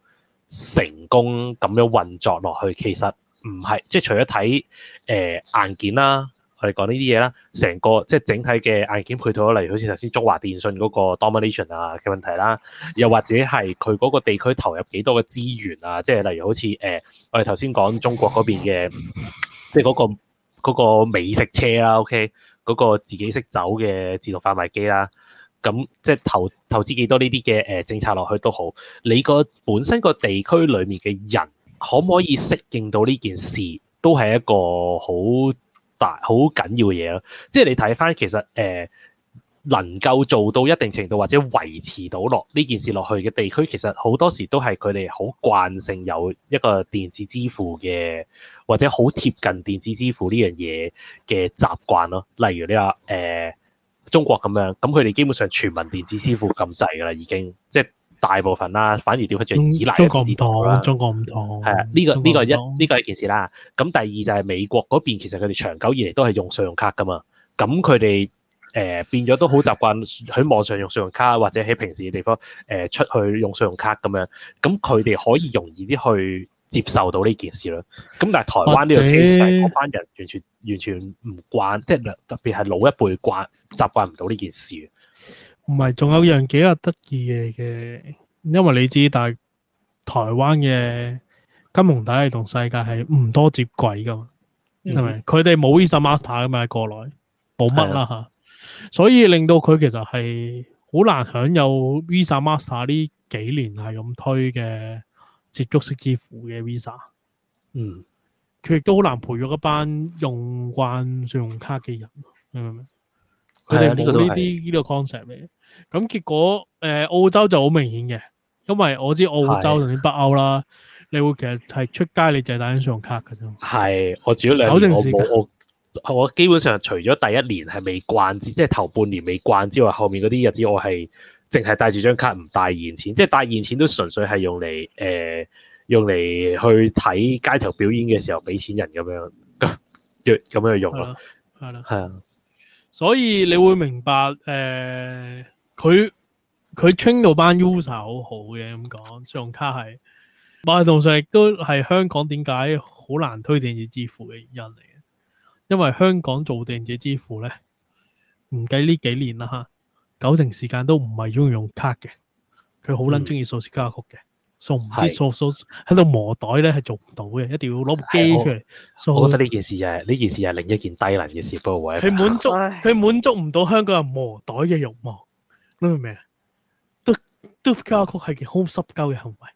成功咁樣運作落去，其實唔係即係除咗睇誒硬件啦，我哋講呢啲嘢啦，成個即係整體嘅硬件配套，例如好似頭先中華電信嗰個 domination 啊嘅問題啦，又或者係佢嗰個地區投入幾多嘅資源啊，即係例如好似誒、呃、我哋頭先講中國嗰邊嘅即係、嗰、嗰個。嗰個美食車啦，OK，嗰個自己識走嘅自動販賣機啦，咁即係投投資幾多呢啲嘅誒政策落去都好，你個本身個地區裡面嘅人可唔可以適應到呢件事，都係一個好大好緊要嘅嘢咯。即係你睇翻其實誒。呃能夠做到一定程度或者維持到落呢件事落去嘅地區，其實好多時都係佢哋好慣性有一個電子支付嘅，或者好貼近電子支付呢樣嘢嘅習慣咯。例如你話誒中國咁樣，咁佢哋基本上全民電子支付咁滯噶啦，已經即係、就是、大部分啦。反而掉翻轉依賴嘅地方啦。中國唔同，中國唔同。係啊，呢、呢個呢、呢個呢個一呢、呢個係件事啦。咁第二就係美國嗰邊，其實佢哋長久以嚟都係用信用卡噶嘛。咁佢哋。誒、呃，變咗都好習慣喺網上用信用卡，或者喺平時嘅地方誒、呃、出去用信用卡咁樣，咁佢哋可以容易啲去接受到呢件事咯。咁但係台灣呢個其實嗰班人完全完全唔慣，即係特別係老一輩慣習慣唔到呢件事。唔係，仲有樣幾啊得意嘅嘢嘅，的因為你知，但係台灣嘅金融體系同世界係唔多接軌噶嘛，係咪、嗯？佢哋冇二十 master 噶嘛，過來冇乜啦吓。所以令到佢其實係好難享有 Visa Master 呢幾年係咁推嘅接觸式支付嘅 Visa，嗯，佢亦都好難培育一班用慣信用卡嘅人，明唔明？佢哋冇呢啲呢個 concept 嚟嘅。咁結果誒、呃、澳洲就好明顯嘅，因為我知澳洲甚至北歐啦，的你會其實係出街你就係帶張信用卡噶啫，係我只要兩年我冇。我基本上除咗第一年係未慣，之，即係頭半年未慣之外，後面嗰啲日子我係淨係帶住張卡唔帶現錢，即係帶現錢都純粹係用嚟誒、呃、用嚟去睇街頭表演嘅時候俾錢人咁樣，咁樣去用咯，係咯，係啊。所以你會明白誒佢佢 train 到班 user 好好嘅咁講信用卡係，但同時亦都係香港點解好難推電子支付嘅原因嚟。因為香港做電子支付咧，唔計呢幾年啦吓，九成時間都唔係中意用卡嘅，佢好捻中意數字膠曲嘅，數唔、嗯、知數數喺度磨袋咧係做唔到嘅，一定要攞部機出嚟。所以，帽我覺得呢件事係呢件事係另一件低能嘅事，不過，佢滿足佢唉滿足唔到香港人磨袋嘅欲望，你明唔明啊？嘟嘟膠曲係件好濕鳩嘅行為。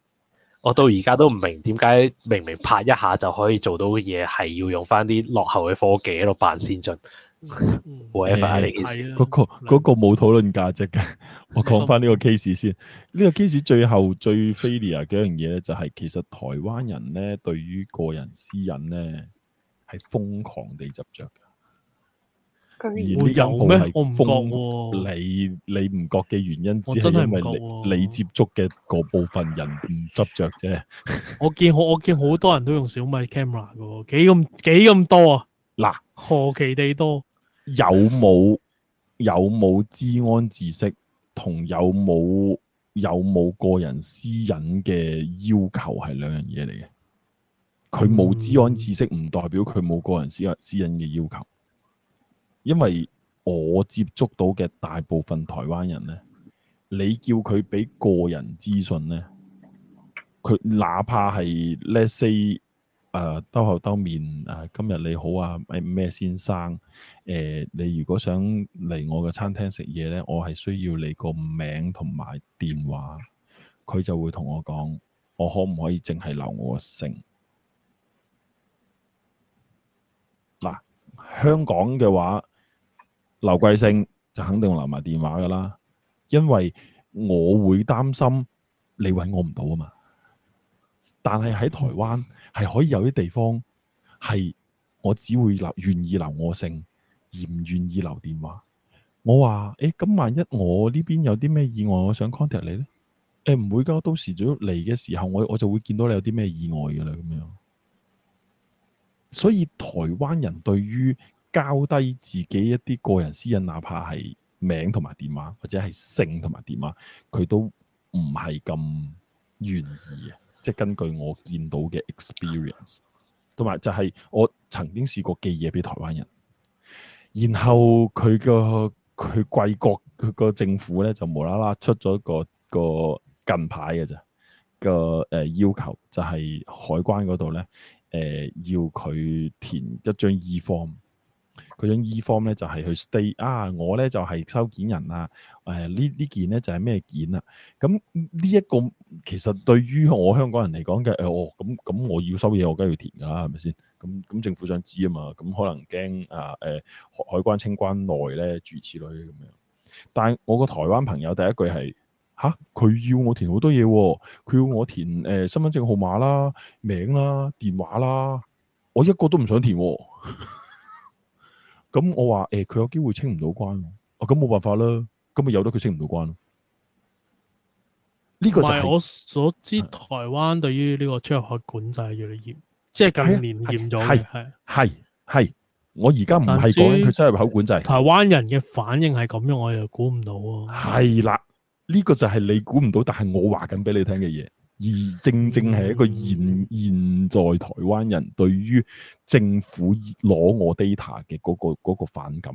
我到而家都唔明點解明明拍一下就可以做到嘅嘢，係要用翻啲落後嘅科技喺度扮先進。whatever，嗰個嗰個冇、嗯、討論價值嘅，我講翻呢個 case 先。呢、呢個 case 最後最 failure 嘅一樣嘢咧，就係其實台灣人咧對於個人私隱咧係瘋狂地執着。會有咩？你我唔覺、啊，你你唔覺嘅原因，因，我真係咪、啊、你接觸嘅嗰部分人唔執着啫？我見好，我見好多人都用小米 camera 嘅，幾咁幾咁多啊！嗱啦，何其地多？有冇有冇資安知識同有冇有冇個人私隱嘅要求係兩樣嘢嚟嘅？佢冇資安知識唔代表佢冇個人私隱私隱嘅要求。嗯因為我接觸到嘅大部分台灣人呢，你叫佢俾個人資訊呢，佢哪怕係 let's say，、呃、兜口兜面，誒、啊、今日你好啊，咩、呃、先生，誒、呃、你如果想嚟我嘅餐廳食嘢呢，我係需要你個名同埋電話，佢就會同我講，我可唔可以淨係留我姓？嗱，香港嘅話。留貴姓就肯定留埋電話㗎啦，因為我會擔心你揾我唔到啊嘛。但係喺台灣係、嗯、可以有啲地方係我只會留願意留我姓而唔願意留電話。我話：誒、欸、咁萬一我呢邊有啲咩意外，我想 contact 你呢？欸」「誒唔會㗎，到時咗嚟嘅時候，我我就會見到你有啲咩意外㗎啦，咁樣。所以台灣人對於交低自己一啲個人私隱，哪怕係名同埋電話，或者係姓同埋電話，佢都唔係咁願意嘅。即係根據我見到嘅 experience，同埋就係我曾經試過寄嘢俾台灣人，然後佢個佢貴國佢個政府咧就無啦啦出咗個個近排嘅啫個誒、要求，就係海關嗰度咧、誒要佢填一張 e-form。佢想 e-form 咧就係、是、去 stay 啊，我咧就係、是、收件人啊，誒、呃、呢、就是、件呢件咧就係咩件啊？咁呢一個其實對於我香港人嚟講嘅誒，我咁咁我要收嘢，我梗係要填噶啦，係咪先？咁、嗯、咁、嗯嗯嗯嗯、政府想知啊嘛，咁、嗯、可能驚啊誒海關清關耐咧，住此類咁樣。但係我個台灣朋友第一句係吓，佢要我填好多嘢、哦，佢要我填誒、呃、身份證號碼啦、名啦、電話啦，我一個都唔想填、哦。 *laughs* 咁、嗯、我話誒，佢、欸、有機會清唔到關，哦，咁冇辦法啦，咁、嗯、咪由得佢清唔到關咯。呢、這個就係、是、我所知是台灣對於呢個出入口管制越嚟越，即、就、係、是、近年嚴咗，係係係。我而家唔係講緊佢出入口管制，台灣人嘅反應係咁樣，我又估唔到啊。係啦，呢、這個就係你估唔到，但係我話緊俾你聽嘅嘢。而正正係一個現現在台灣人對於政府攞我 data 嘅嗰個嗰個反感。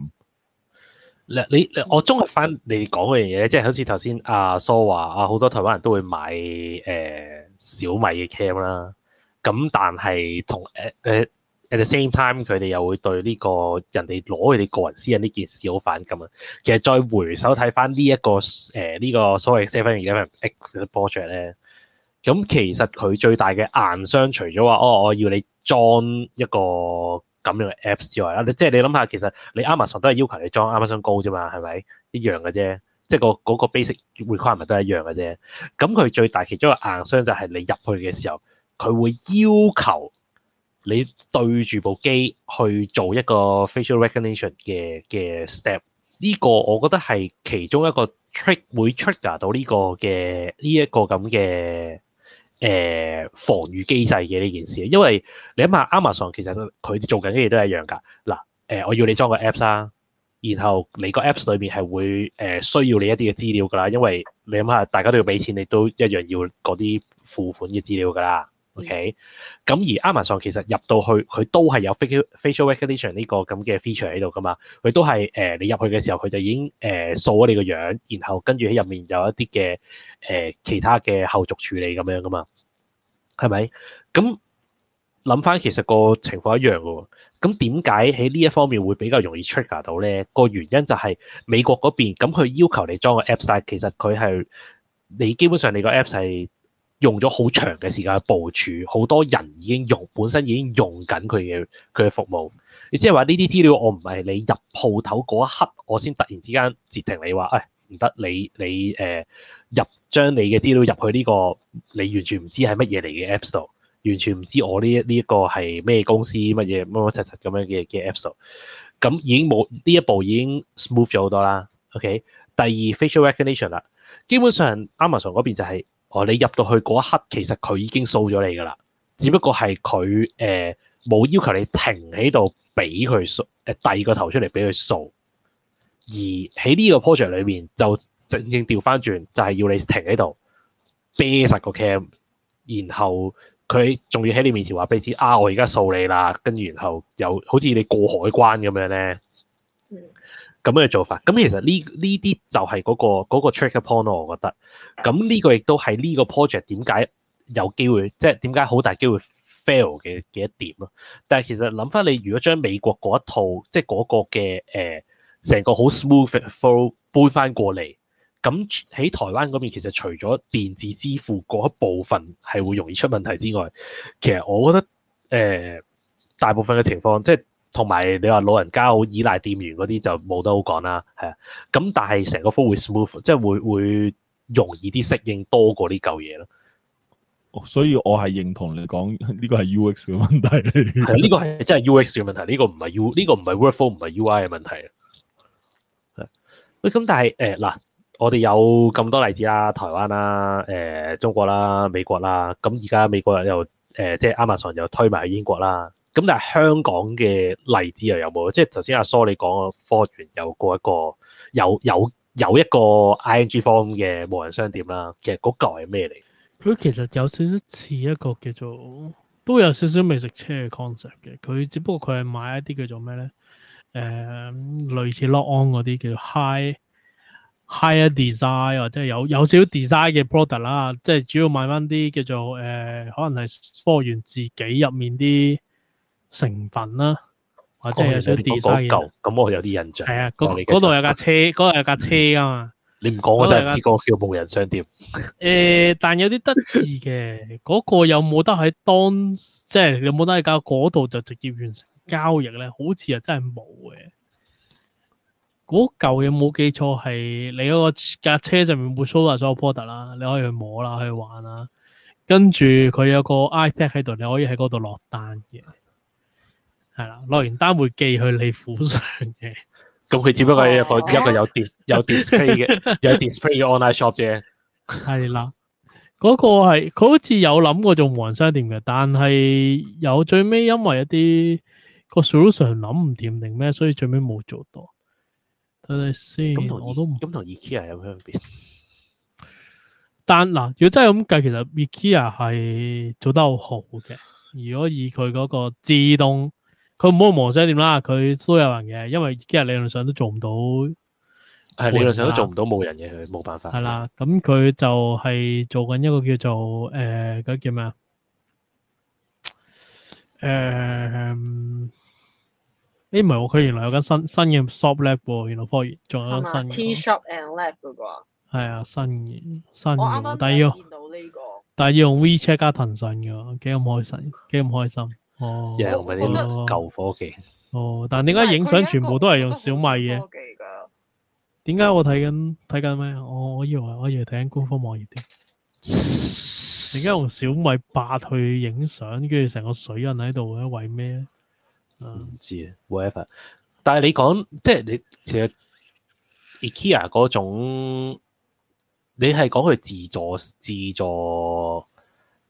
嗱，你我綜合翻你講嗰樣嘢，即係好似頭先阿蘇話啊，好多台灣人都會買誒小米嘅 cam 啦。咁但係同誒誒 at the same time，佢哋又會對呢個人哋攞佢哋個人私隱呢件事好反感啊。其實再回首睇翻呢一個誒呢個所謂 seven eleven x project 咧。咁其實佢最大嘅硬傷，除咗話哦，我要你裝一個咁樣嘅 Apps 之外啦，即係你諗下，其實你 Amazon 都係要求你裝 Amazon Go 啫嘛，係咪一樣嘅啫？即係個嗰 basic requirement 都係一樣嘅啫。咁佢最大其中一個硬傷就係你入去嘅時候，佢會要求你對住部機去做一個 facial recognition 嘅嘅 step。呢個我覺得係其中一個 trick 會 trigger 到呢個嘅呢一個咁嘅，誒、呃、防禦機制嘅呢件事，因為你諗下，Amazon 其實佢做緊嘅嘢都係一樣㗎。嗱，誒、呃、我要你裝個 Apps 啦，然後你個 Apps 裏面係會誒、呃、需要你一啲嘅資料㗎啦，因為你諗下，大家都要俾錢，你都一樣要嗰啲付款嘅資料㗎啦。O.K. 咁而 Amazon 其實入到去佢都係有 facial recognition 呢個咁嘅 feature 喺度㗎嘛，佢都係誒、呃、你入去嘅時候佢就已經誒掃咗你個樣，然後跟住喺入面有一啲嘅誒其他嘅後續處理咁樣㗎嘛，係咪？咁諗返其實個情況一樣㗎喎。咁點解喺呢一方面會比較容易 trigger 到咧？個原因就係美國嗰邊咁佢要求你裝個 app，但係其實佢係你基本上你個 app 係。用咗好長嘅時間去部署，好多人已經用本身已經用緊佢嘅佢嘅服務。你即係話呢啲資料我，我唔係你入鋪頭嗰一刻，我先突然之間截停你話，誒唔得，你你誒入將你嘅資料入去呢、這個你完全唔知係乜嘢嚟嘅 App Store，完全唔知我呢呢一個係咩公司乜嘢乜乜柒柒咁樣嘅嘅 App Store。咁已經冇呢一步已經 smooth 咗好多啦。OK，第二 facial recognition 啦，基本上 Amazon 嗰邊就係、是。哦，你入到去嗰一刻，其實佢已經掃咗你噶啦，只不過係佢誒冇要求你停喺度俾佢掃，誒、呃、遞個頭出嚟俾佢掃。而喺呢個 project 裏面，就正正調翻轉，就係、是、要你停喺度，啤實個 cam，然後佢仲要喺你面前話俾你知：「啊，我而家掃你啦！」跟住然後又好似你過海關咁樣咧。嗯咁樣嘅做法，咁其實呢呢啲就係嗰、那個 track upon 咯，那個 er、point，我覺得。咁呢個亦都係呢個 project 點解有機會，即係點解好大機會 fail 嘅嘅一點咯。但係其實諗翻你，如果將美國嗰一套，即係嗰個嘅誒成個好 smooth flow 搬翻過嚟，咁喺台灣嗰邊其實除咗電子支付嗰一部分係會容易出問題之外，其實我覺得誒、呃、大部分嘅情況即係。就是同埋你話老人家好依賴店員嗰啲就冇得好講啦，係啊，咁但係成個 flow 會 smooth，即係會會容易啲適應多過呢舊嘢咯。所以我係認同你講呢個係 UX 嘅問題，呢個係真係 UX 嘅問題，呢的 *laughs* 個唔係 U，呢個唔係 workflow 唔係 UI 嘅問題。喂、這個，咁但係誒嗱，我哋有咁多例子啦，台灣啦，誒、呃、中國啦，美國啦，咁而家美國人又誒、呃、即係 Amazon 又推埋去英國啦。咁但係香港嘅例子又有冇？即係頭先阿蘇你講科園有個一個有有有一個 ING form 嘅無人商店啦。其實嗰嚿係咩嚟？佢其實有少少似一個叫做都有少少美食車嘅 concept 嘅。佢只不過佢係買一啲叫做咩咧？誒、呃，類似 lock on 嗰啲叫做 high higher design 啊，即係有有少少 design 嘅 product 啦。即係主要買返啲叫做誒、呃，可能係科園自己入面啲。成分啦、啊，或者有想跌 e、啊、s 咁、啊、我有啲印象，係啊，嗰度有架車，嗰度、嗯、有架車啊嘛。你唔講我真係唔知嗰個叫無人商店。誒、呃，但有啲得意嘅嗰個有冇得喺當即係你冇得喺架嗰度就直接完成交易咧？好似又真係冇嘅。嗰舊嘢冇記錯係你嗰個架車上面會 show 啊所有 product 啦、啊，你可以去摸啦、啊，去玩啦、啊。跟住佢有個 iPad 喺度，你可以喺嗰度落單嘅。係啦，落完單會寄去你府上嘅。咁佢只不過一個， *laughs* 一個有電有 display 嘅，有 display，有 display online shop 啫。係 *laughs* 啦，嗰、嗰個係佢好似有諗過做無人商店嘅，但係有最尾因為一啲個 solution 諗唔掂定咩，所以最尾冇做到。睇睇先，和我都唔敢同 IKEA 有咩變？但嗱，如果真係咁計，其實 IKEA 係做得好好嘅。如果以佢嗰個自動。佢唔好磨西點啦，佢都有人嘅，因為今日理論上都做唔到，係理論上都做唔到冇人嘅，佢冇辦法。係啦的，咁佢、嗯、就係做緊一個叫做誒嗰、呃、叫咩啊？誒、呃，誒、欸、唔，誒唔係佢原來有間新新嘅 shop lab 喎，原來科研仲有新嘅。T shop and lab 嘅啩。係啊，新嘅新嘅。我啱啱見到呢、這個。但係要，要用 WeChat 加騰訊嘅，幾咁開心，幾咁開心。哦，用咪啲乜舊科技？哦，但係點解影相全部都係用小米嘅？點解我睇緊睇緊咩？我、哦、我以為我以為睇緊官方網頁啲。點解用小米八去影相，跟住成個水印喺度嘅？為咩咧？唔、嗯、知啊 whatever 但係你講，即、就、係、是、你其實 IKEA 嗰種，你係講佢自助自助。自助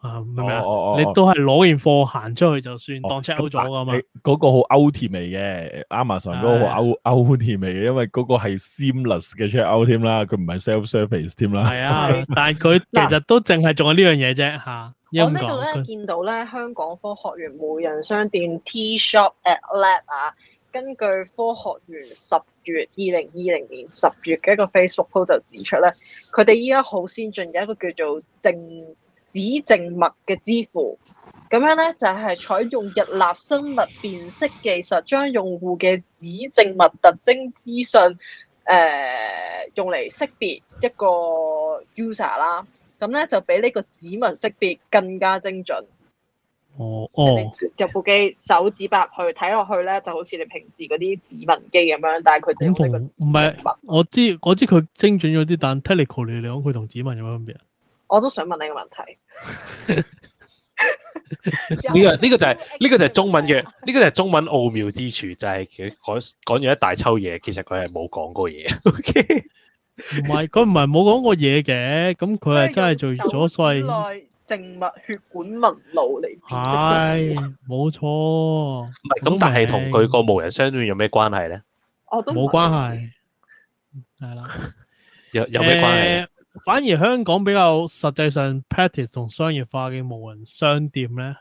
啊，是是啊，你都係攞完貨行出去就算，啊、當 check 咗噶嘛。嗰，啊、個好 out 甜味嘅，Amazon 個 out y, 的 out 甜味嘅，因為嗰個係 seamless e 嘅 check out 添啦的，佢唔係 self service 添啦。係啊，但係佢其實都淨係仲係呢樣嘢啫吓。我呢度都係見到咧，香港科學園無人商店 T Shop at Lab 啊，根據科學園十月二零二零年十月嘅一個 Facebook post 指出咧，佢哋依家好先進，有一個叫做正。指靜脈嘅支付咁樣咧，就係、是、採用日立生物辨識技術，將用戶嘅指靜脈特徵資訊誒、呃、用嚟識別一個 user 啦。咁咧就比呢個指紋識別更加精準。哦哦，入、哦、部機手指白去睇落去咧，就好似你平時嗰啲指紋機咁樣，但係佢哋冇。唔係，我知我知佢精準咗啲，但係 technical 你你講佢同指紋有咩分別啊？哦、我都想問你個問題。呢、 *laughs* 呢個呢、呢個就係、是、呢、呢個就係中文嘅呢 *laughs* 個就係中文奧妙之處，就係佢講講咗一大抽嘢，其實佢係冇講過嘢。唔係佢唔係冇講過嘢嘅，咁佢係真係做咗細內靜脈血管紋路嚟，係冇錯。唔係咁，但係同佢個無人相對了 *laughs* 有咩關係咧？冇關係，係啦，有有咩關係？呃反而香港比較實際上 practice 同商業化嘅無人商店咧，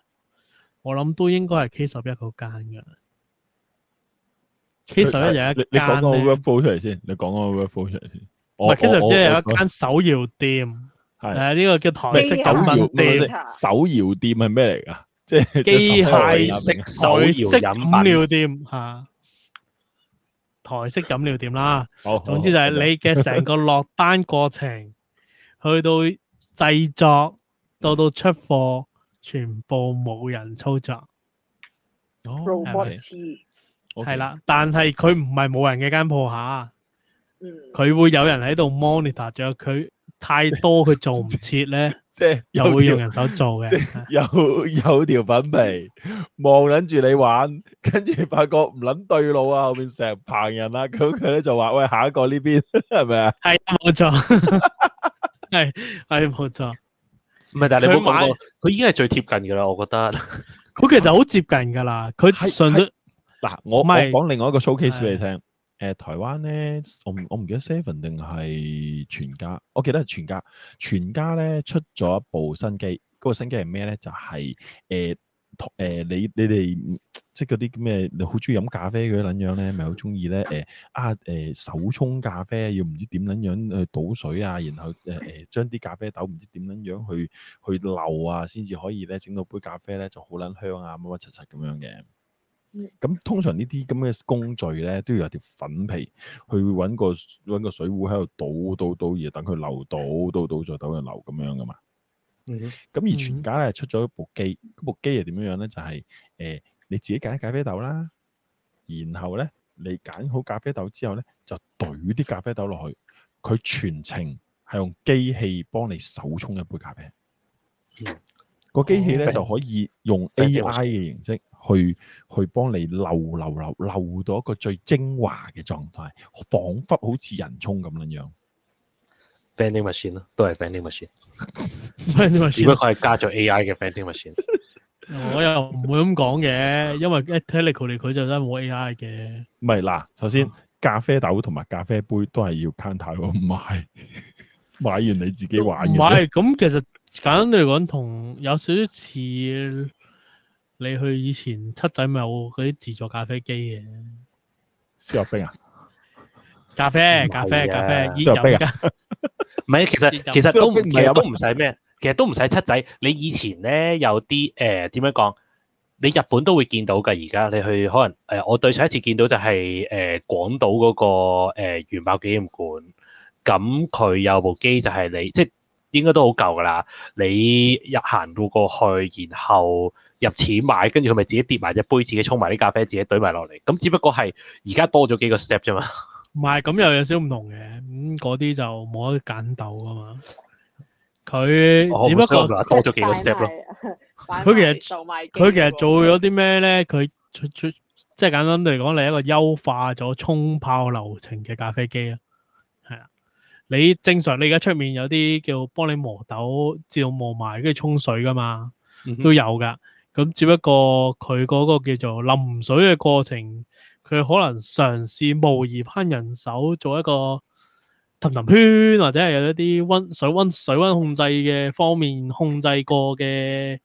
我諗都應該係 K 十一嗰間㗎。K 十一有一間咧。你講個 workflow 出嚟先，你講個 workflow 出嚟先。唔係 K 十一有一間手搖店，係啊，呢個叫台式手搖店。手搖店係咩嚟噶？即係機械式手搖飲料店嚇。台式飲料店啦。好。總之就係你嘅成個落單過程。去到製作到到出貨，全部冇人操作。哦，係啦 Robot Okay.，但係佢唔係冇人嘅間鋪下。佢會有人喺度 monitor。仲有佢太多佢做唔切咧，即係又會用人手做嘅，有有條粉皮望緊住你玩，跟住發覺唔捻對路啊，後邊成日棚人啦，啊，咁佢咧就話喂，下一個呢邊係咪啊？係冇錯。 *laughs* 係係冇錯，唔係，但係你冇講過，佢買已經係最貼近噶啦，我覺得佢其實好接近噶對啦，佢純粹，嗱，是我我講另外一個 showcase 俾你聽，誒的、呃，台灣咧，我我唔記得 seven 定係全家，我記得係全家，全家咧出咗一部新機，嗰、那個新機係咩咧？就係、是、誒。呃誒你你哋即係嗰啲咩？你好中意飲咖啡嗰啲撚樣咧，咪好中意咧誒啊！誒、呃、手沖咖啡要唔知點撚樣去倒水啊，然後誒誒將啲咖啡豆唔知點撚樣去去漏啊，先至可以咧整到杯咖啡咧就好撚香啊，乜乜柒柒咁樣嘅。咁通常呢啲咁嘅工序咧，都要有條粉皮去揾個，個水壺喺度倒倒倒，而等佢漏倒倒倒，倒再等佢漏咁樣噶嘛。咁、嗯、而全家咧出咗一部機，嗯、部機係點樣樣咧？就係、是、誒、呃、你自己揀咖啡豆啦，然後咧你揀好咖啡豆之後咧，就懟啲咖啡豆落去，佢全程係用機器幫你手沖一杯咖啡。個機、嗯、器咧、嗯、就可以用 A.I. 嘅形式去常去幫你流流流流到一個最精華嘅狀態，彷彿好似人沖咁樣樣。Vending machine 先咯，都係 vending machine 先。只不過佢係加咗 AI 嘅 Fantasy Machine， *laughs* 我又唔會咁講嘅，因為 Attilico 嚟佢就真係冇 AI 嘅。唔係嗱，首先 *laughs* 咖啡豆同埋咖啡杯都係要 counter 買，買完你自己玩。唔係，咁其實簡單嚟講，同有少少似你去以前七仔咪有嗰啲自助咖啡機嘅。燒油餅啊 *laughs* 咖？咖啡，咖啡，咖啡，煙油餅。 *laughs* 唔係，其實其實都都唔使咩，其實都唔使七仔。你以前咧有啲誒點樣講？你日本都會見到㗎。而家你去可能誒、呃，我對上一次見到就係、是、誒、呃、廣島嗰、那個原爆、呃、紀念館。咁佢有部機就係你，即係應該都好舊㗎啦。你入行到過去，然後入錢買，跟住佢咪自己跌埋隻杯，自己沖埋啲咖啡，自己懟埋落嚟。咁只不過係而家多咗幾個 step 啫嘛。唔係，咁又有少唔同嘅，咁嗰啲就冇得揀豆啊嘛。佢只不過多咗幾個 step 咯。佢 *laughs* 其、其實做埋，佢其實做咗啲咩咧？佢最最即係簡單嚟講，你一個優化咗沖泡流程嘅咖啡機啊。係啊，你正常你而家出面有啲叫幫你磨豆、自動磨埋跟住沖水噶嘛，都有噶。咁只不過佢嗰個叫做淋水嘅過程。佢可能嘗試模擬攀人手做一個氹氹圈，或者係有一啲溫水溫水溫控制嘅方面控制過嘅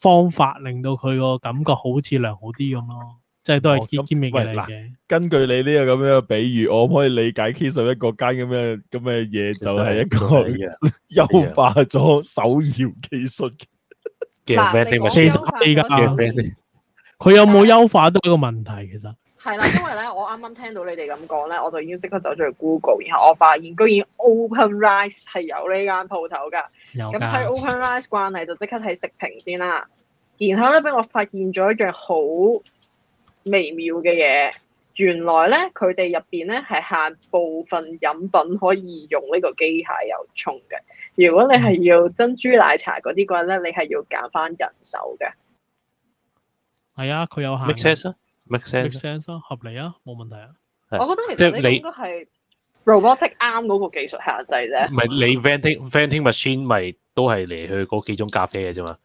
方法，令到佢個感覺好似良好啲咁咯。即係都係兼兼嘅。根據你呢個咁樣嘅比喻，我可以理解 K 十一嗰間咁嘅咁嘅嘢就係一個優化咗手搖技術嘅嘅嘅嘅嘅嘅嘅嘅嘅嘅嘅嘅嘅嘅嘅嘅嘅嘅。佢有冇優化到呢個問題，其實？係啦，因為咧，我啱啱聽到你哋咁講咧，我就已經即刻走咗去 Google，然後我發現居然 Open Rice 係有呢間鋪頭噶。有噶。咁喺的 Open Rice 慣例就即刻喺食評先啦。然後咧，俾我發現咗一樣好微妙嘅嘢，原來咧佢哋入邊咧係限部分飲品可以用呢個機械油衝嘅。如果你係要珍珠奶茶嗰啲嘅咧，你係要揀翻人手嘅。係啊，哎，佢有限。make sense, sense、啊、合理啊，冇問題啊。是我覺得實是你實呢啲應該係 robotic arm 嗰個技術限制啫是。唔係是你 vending vending machine 咪都係嚟去嗰幾種咖啡嘅啫嘛。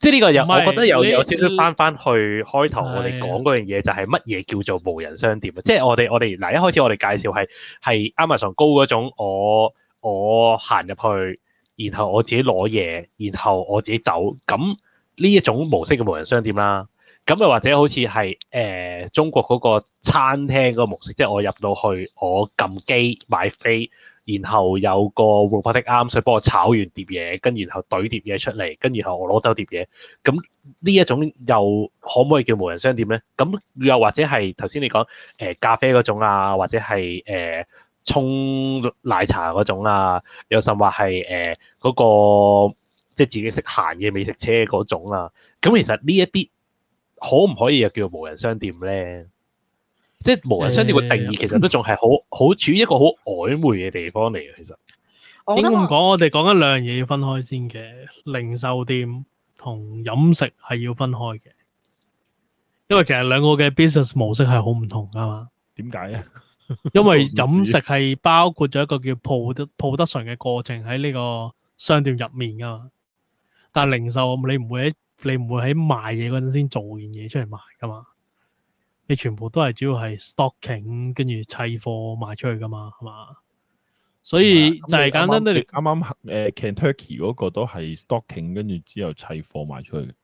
即係呢個又我覺得又有少少翻翻去開頭我哋講嗰樣嘢，就係乜嘢叫做無人商店啊？即係的我哋我哋嗱一開始我哋介紹係係 Amazon Go 嗰種我，我我行入去，然後我自己攞嘢，然後我自己走，咁呢一種模式嘅無人商店啦。咁又或者好似係誒中國嗰個餐廳嗰個模式，即係我入到去，我撳機買飛，然後有個 robot 啱想幫我炒完碟嘢，跟然後懟碟嘢出嚟，跟然後我攞走碟嘢。咁呢一種又可唔可以叫無人商店咧？咁又或者係頭先你講誒咖啡嗰種啊，或者係誒沖奶茶嗰種啊，有甚或係誒嗰個即係自己識行嘅美食車嗰種啊。咁其實呢一啲。可唔可以又叫做無人商店呢？即係無人商店嘅定義，其實都仲係好好處於一個好曖昧嘅地方嚟嘅。其實應該咁講，我哋講緊兩樣嘢要分開先嘅，零售店同飲食係要分開嘅，因為其實兩個嘅 business 模式係好唔同噶嘛。點解啊？因為飲食係包括咗一個叫鋪得鋪得順嘅過程喺呢個商店入面噶嘛，但係零售你唔會喺。你唔會喺賣嘢嗰陣先做件嘢出嚟賣㗎嘛？你全部都係主要係 stocking，跟住砌貨賣出去㗎嘛，係嘛？所以就係簡單啲嚟，啱啱誒 Kentucky 嗰個都係 stocking，跟住之後砌貨賣出去。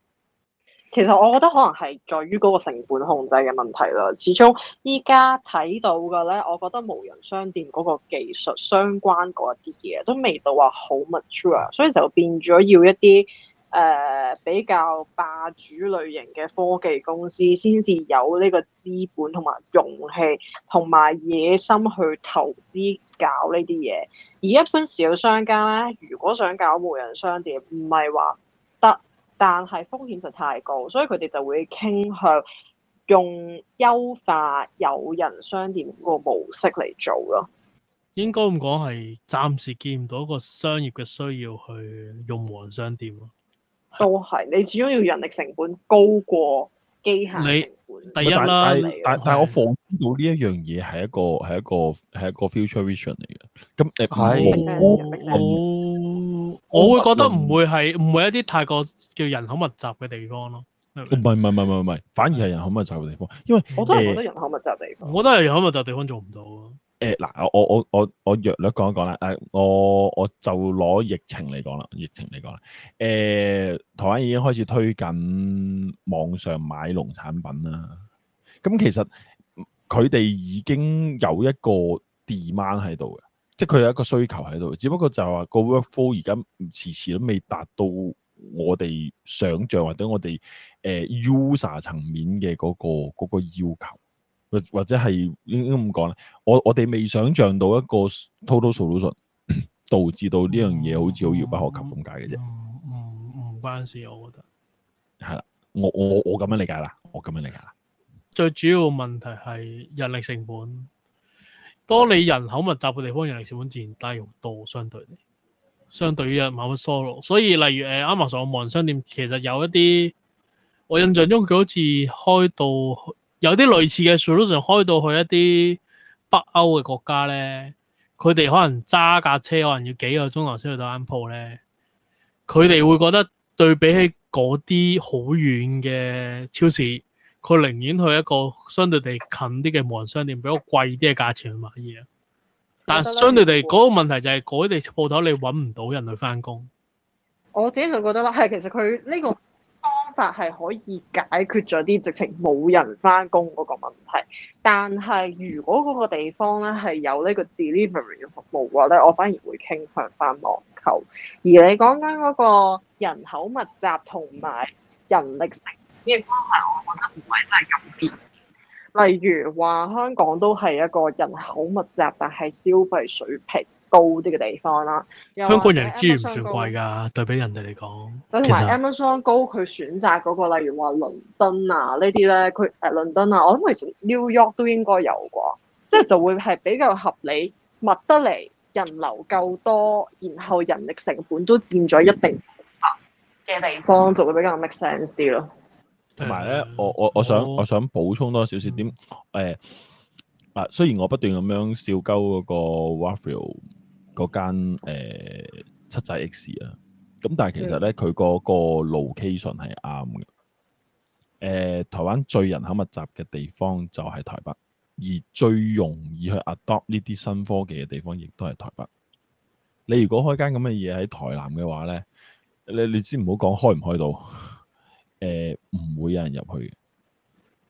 其實我覺得可能係在於嗰個成本控制嘅問題啦。始終依家睇到嘅咧，我覺得無人商店嗰個技術相關嗰啲嘢都未到話好 mature，所以就變咗要一啲。誒、呃、比較霸主類型嘅科技公司，先至有呢個資本同埋勇氣同埋野心去投資搞呢啲嘢。而一般小商家咧，如果想搞無人商店，唔係話得，但係風險實太高，所以佢哋就會傾向用優化有人商店個模式嚟做咯。應該咁講，係暫時見唔到一個商業嘅需要去用無人商店咯。都係，你始終要人力成本高過機械成本。你第一啦，但但但，我放到呢一樣嘢係一個係一個係一個 future vision 嚟嘅。咁第排我我會覺得唔會係唔會一啲太過叫人口密集嘅地方咯。唔係唔係唔係唔係，反而係人口密集嘅地方，因為我都係覺得人口密集地方，呃、我覺得係人口密集地方做唔到啊。誒嗱，我我我我我略略講一講啦。誒，我我就攞疫情嚟講啦，疫情嚟講啦。誒，台灣已經開始推緊網上買農產品啦。咁、嗯、其實佢哋已經有一個 demand 喺度嘅，即係佢有一個需求喺度。只不過就話個 workflow 而家遲遲都未達到我哋想像或者我哋誒、呃、user 層面嘅嗰、嗰個嗰、嗰個要求。或或者係應該咁講啦，我我哋未想象到一個 total solution 導致到呢樣嘢好似好遙不可及咁解嘅啫。唔唔關事，我覺得係啦。我我我咁樣理解啦，我咁樣理解啦。最主要問題係人力成本。當你人口密集嘅地方，人力成本自然低好多。相對，相對於啊冇乜疏落。所以例如誒，啱話所講，商店其實有一啲，我印象中佢好似開到。有啲類似嘅 solution 開到去一啲北歐嘅國家咧，佢哋可能揸架車，可能要幾個鐘頭先去到間鋪咧。佢哋會覺得對比起嗰啲好遠嘅超市，佢寧願去一個相對地近啲嘅無人商店，俾個貴啲嘅價錢去買嘢。但相對地，嗰、嗰個問題就係嗰啲鋪頭你揾唔到人去翻工。我自己就覺得啦，係其實佢呢、呢個。法係可以解決咗啲直情冇人翻工嗰個問題，但係如果嗰個地方咧係有呢個 delivery 嘅服務嘅話咧，我反而會傾向翻網購。而你講緊嗰個人口密集同埋人力水平關係，我覺得唔係真係咁變。例如話，香港都係一個人口密集，但係消費水平。高啲嘅地方啦，香港人力資源唔算貴㗎， *music* 對比人哋嚟講。咁同埋 Amazon Go，佢選擇嗰個，例如話倫敦啊呢啲咧，佢誒倫敦啊，我諗其實 New York 都應該有啩，即、就、係、是、就會係比較合理，密得嚟，人流夠多，然後人力成本都佔咗一定嘅地方，嗯、就會比較 make sense 啲咯。同埋咧，我我我想我想補充多少少點誒啊、呃，雖然我不斷咁樣笑鳩嗰個 w a r f i e 嗰間、呃、七仔 X 啊，咁但係其實咧，佢嗰個 location 係啱嘅。誒、呃，台灣最人口密集嘅地方就係台北，而最容易去 adopt 呢啲新科技嘅地方亦都係台北。你如果開間咁嘅嘢喺台南嘅話咧，你你先唔好講開唔開到，誒、呃、唔會有人入去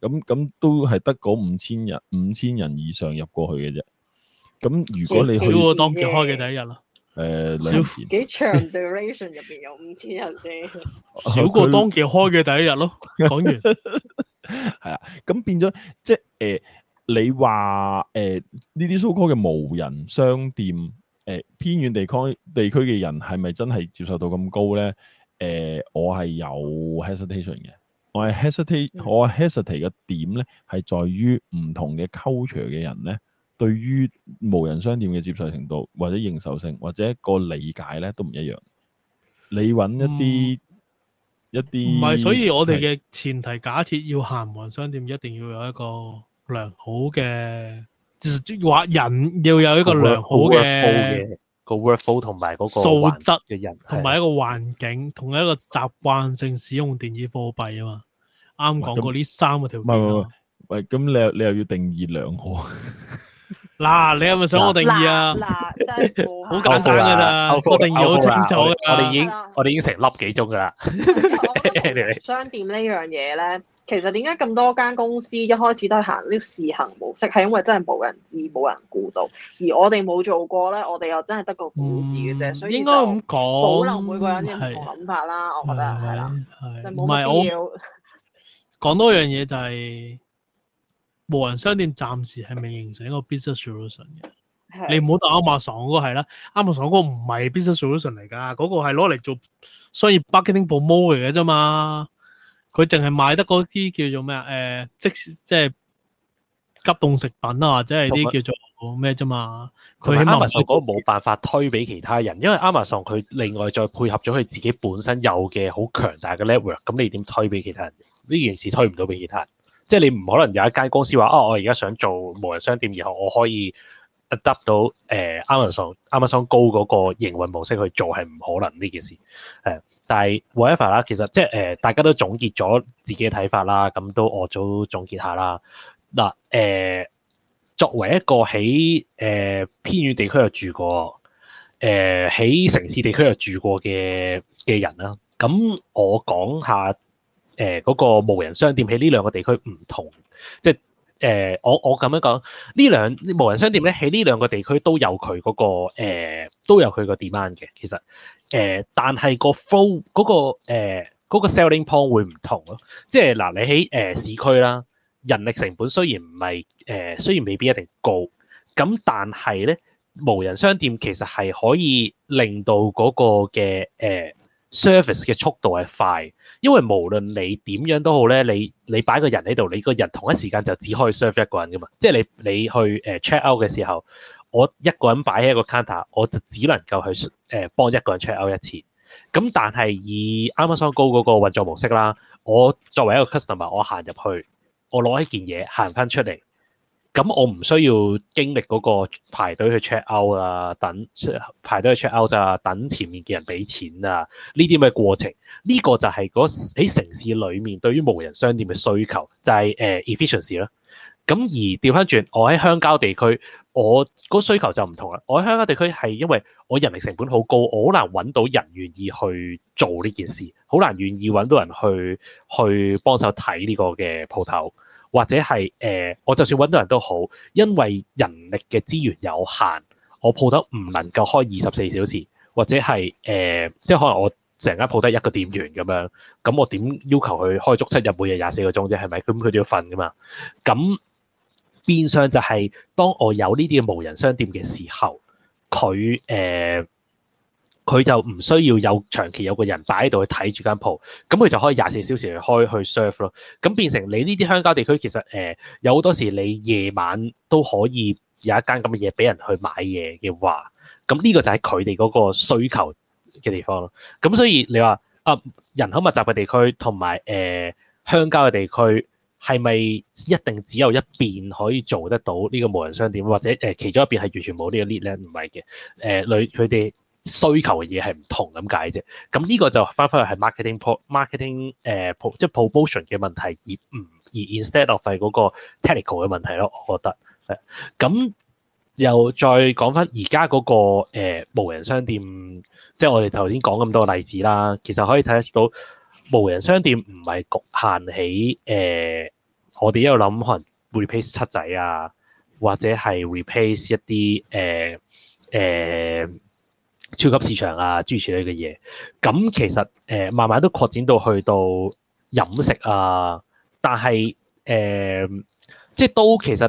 咁咁都係得嗰五千人，五千人以上入過去嘅啫。咁如果你去少過當期開嘅第一日啦，誒、呃，少幾長 duration 入邊有五千人先，少過當期開嘅第一日 *laughs* 咯。講完係 *laughs* *laughs* 啊，咁變咗即係誒、呃，你話誒呢啲 so-call 嘅無人商店，誒、呃、偏遠地區地區嘅人係咪真係接受到咁高咧？誒、呃，我係有 hesitation 嘅。我係 hesitate，我係 hesitate 嘅點咧，係在於唔同嘅 culture 嘅人咧，對於無人商店嘅接受程度，或者認受性，或者個理解咧，都唔一樣。你揾一啲、嗯、一啲些，唔係，所以我哋嘅前提是假設要行無人商店，一定要有一個良好嘅，話人要有一個良好嘅。個 workful 同埋嗰個素質嘅人，同埋一個環境，同埋一個習慣性使用電子貨幣啊嘛，剛剛，啱講過呢三個條件。唔，喂，咁你又你又要定義兩我？嗱，你係咪想我定義啊？嗱、啊啊，真係好簡單噶啦，我定義好清楚噶。我哋已經我哋已經成粒幾鐘噶啦。商店呢樣嘢咧。其實點解咁多間公司一開始都係行啲試行模式，係因為真係冇人知，冇人估到。而我哋冇做過咧，我哋又真係得個估字嘅啫。應該咁講，可能每個人有唔同諗法啦。我覺得係啦，就冇必要講多樣嘢，就係。就係無人商店暫時係未形成一個 business solution 嘅。係啦。你唔好打亞馬遜嗰個係啦。亞馬遜嗰個唔係 business solution 嚟㗎。嗰、嗰個係攞嚟做商業 marketing promo 嚟嘅啫嘛。佢淨係賣得嗰啲叫做咩啊？誒、呃，即係即係急凍食品啊，或者係啲叫做咩啫嘛？佢有起碼佢冇辦法推俾其他人，因為 Amazon 佢另外再配合咗佢自己本身有嘅好強大嘅 network，咁你點推俾其他人？呢件事推唔到俾其他人，即係你唔可能有一間公司話啊，我而家想做無人商店，然後我可以 adopt 到誒、呃、Amazon，Amazon Go 嗰個營運模式去做，係唔可能呢件事，誒、啊。但係 whatever 啦，其實即係誒，大家都總結咗自己嘅睇法啦，咁都我早總結下啦。嗱、呃、誒，作為一個喺誒、呃、偏遠地區又住過，誒、呃、喺城市地區又住過嘅嘅人啦，咁我講下誒嗰、呃嗰個無人商店喺呢兩個地區唔同，即係誒、呃、我我咁樣講，呢兩無人商店咧喺呢兩個地區都有佢嗰個都有佢個 demand 嘅，其實。誒、呃,但係個 flow 個誒、呃嗰個 selling point 會唔同咯,即係嗱,你喺誒、呃、市區啦,人力成本雖然唔係誒,雖然未必一定高,咁但係咧無人商店其實係可以令到嗰個嘅誒、呃、service 嘅速度係快,因為無論你點樣都好咧,你你擺個人喺度,你個人同一時間就只可以 serve 一個人噶嘛,即、就、係、是、你你去誒 check out 嘅時候。我一個人擺喺一個 counter，我就只能夠去誒幫、呃、一個人 check out 一次。咁但係以 Amazon Go 嗰個運作模式啦，我作為一個 customer，我行入去，我攞一件嘢行翻出嚟，咁我唔需要經歷嗰個排隊去 check out 啊，等排隊去 check out 咋，等前面嘅人俾錢啊，呢啲咁嘅過程。呢、這個就係嗰喺城市裏面對於無人商店嘅需求，就係、是、誒 efficiency 咯。咁而調翻轉，我喺鄉郊地區。我個需求就唔同啦，我喺香港地區係因為我人力成本好高，我好難揾到人願意去做呢件事，好難願意揾到人去去幫手睇呢個嘅鋪頭，或者係誒、呃，我就算揾到人都好，因為人力嘅資源有限，我鋪頭唔能夠開二十四小時，或者係誒、呃，即係可能我成間鋪得一個店員咁樣，咁我點要求佢開足七日每日廿四個鐘啫，係咪？咁佢都要瞓噶嘛，咁。變相就係當我有呢啲嘅無人商店嘅時候，佢誒佢就唔需要有長期有個人擺喺度去睇住間鋪，咁佢就可以廿四小時去開去 serve 咯。咁變成你呢啲鄉郊地區其實誒、呃、有好多時你夜晚都可以有一間咁嘅嘢俾人去買嘢嘅話，咁呢個就係佢哋嗰個需求嘅地方咯。咁所以你話啊、呃、人口密集嘅地區同埋誒鄉郊嘅地區。係咪一定只有一邊可以做得到呢個無人商店，或者誒、呃、其中一邊係完全冇呢個 lead 咧？唔係嘅，誒類佢哋需求嘅嘢係唔同咁解啫。咁呢個就翻返去係 marketing、uh, pro, p marketing 誒 o 即係 promotion 嘅問題，而唔而 instead of 係嗰個 technical 嘅問題咯。我覺得係。咁又再講翻而家嗰個誒、uh, 無人商店，即係我哋頭先講咁多例子啦。其實可以睇得到無人商店唔係局限起。誒、uh,。我哋一路諗可能 replace 七仔啊，或者係 replace 一啲誒誒超級市場啊諸如此類嘅嘢。咁、嗯、其實誒、呃、慢慢都擴展到去到飲食啊，但係誒、呃、即係都其實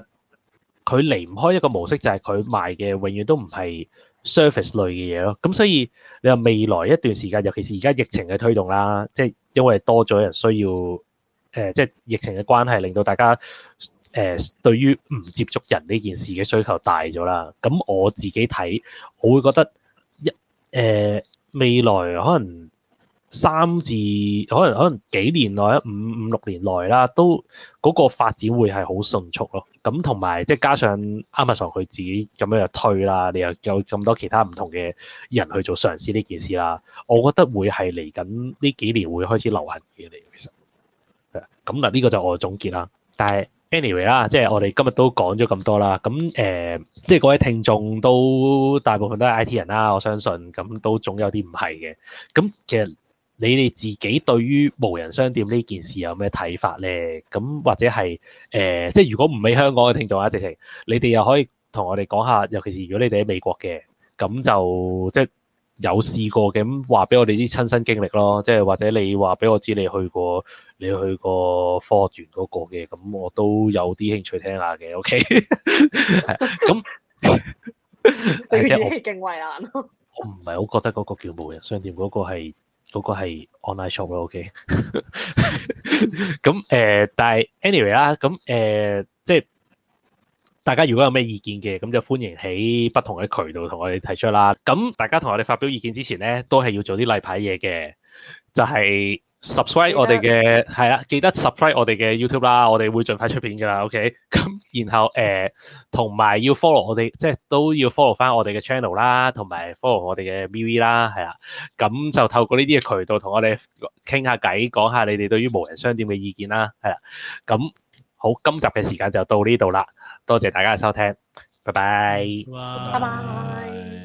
佢離唔開一個模式，就係佢賣嘅永遠都唔係 service 類嘅嘢咯。咁、嗯、所以你話未來一段時間，尤其是而家疫情嘅推動啦，即係因為多咗人需要。誒、呃，即係疫情嘅關係，令到大家誒、呃、對於唔接觸人呢件事嘅需求大咗啦。咁、嗯、我自己睇，我會覺得一誒、呃、未來可能三至可能可能幾年內，一五五六年內啦，都嗰個發展會係好迅速咯。咁同埋即係加上 Amazon 佢自己咁樣又推啦，你又有咁多其他唔同嘅人去做嘗試呢件事啦。我覺得會係嚟緊呢幾年會開始流行嘅嚟，其實。咁嗱呢個就我嘅總結啦，但係 anyway 啦，即係我哋今日都講咗咁多啦，咁誒，即係各位聽眾都大部分都係 IT 人啦，我相信咁都總有啲唔係嘅，咁其實你哋自己對於無人商店呢件事有咩睇法咧？咁或者係誒、呃，即係如果唔係香港嘅聽眾啊，直情你哋又可以同我哋講下，尤其是如果你哋喺美國嘅，咁就即係。有試過嘅，咁話俾我哋啲親身經歷咯，即係或者你話俾我知你去過你去過科學園嗰個嘅，咁我都有啲興趣聽下嘅。O K，咁，我勁為難咯。我唔係好覺得嗰個叫無人商店，嗰、嗰個係，嗰個係 online shop 咯、okay? *laughs* O K，咁誒，但係 anyway 啦，咁、呃、誒。大家如果有咩意見嘅，咁就歡迎喺不同嘅渠道同我哋提出啦。咁大家同我哋發表意見之前咧，都係要做啲例牌嘢嘅，就係、是、subscribe 我哋嘅係啦，記得 subscribe 我哋嘅 YouTube 啦，我哋會盡快出片噶啦，OK。咁然後誒，同、呃、埋要 follow 我哋，即係都要 follow 翻我哋嘅 channel 啦，同埋 follow 我哋嘅 MV 啦，係啦。咁就透過呢啲嘅渠道同我哋傾下偈，講下你哋對於無人商店嘅意見啦，係啦。咁好，今集嘅時間就到呢度啦。多謝大家嘅收聽，拜拜。拜拜。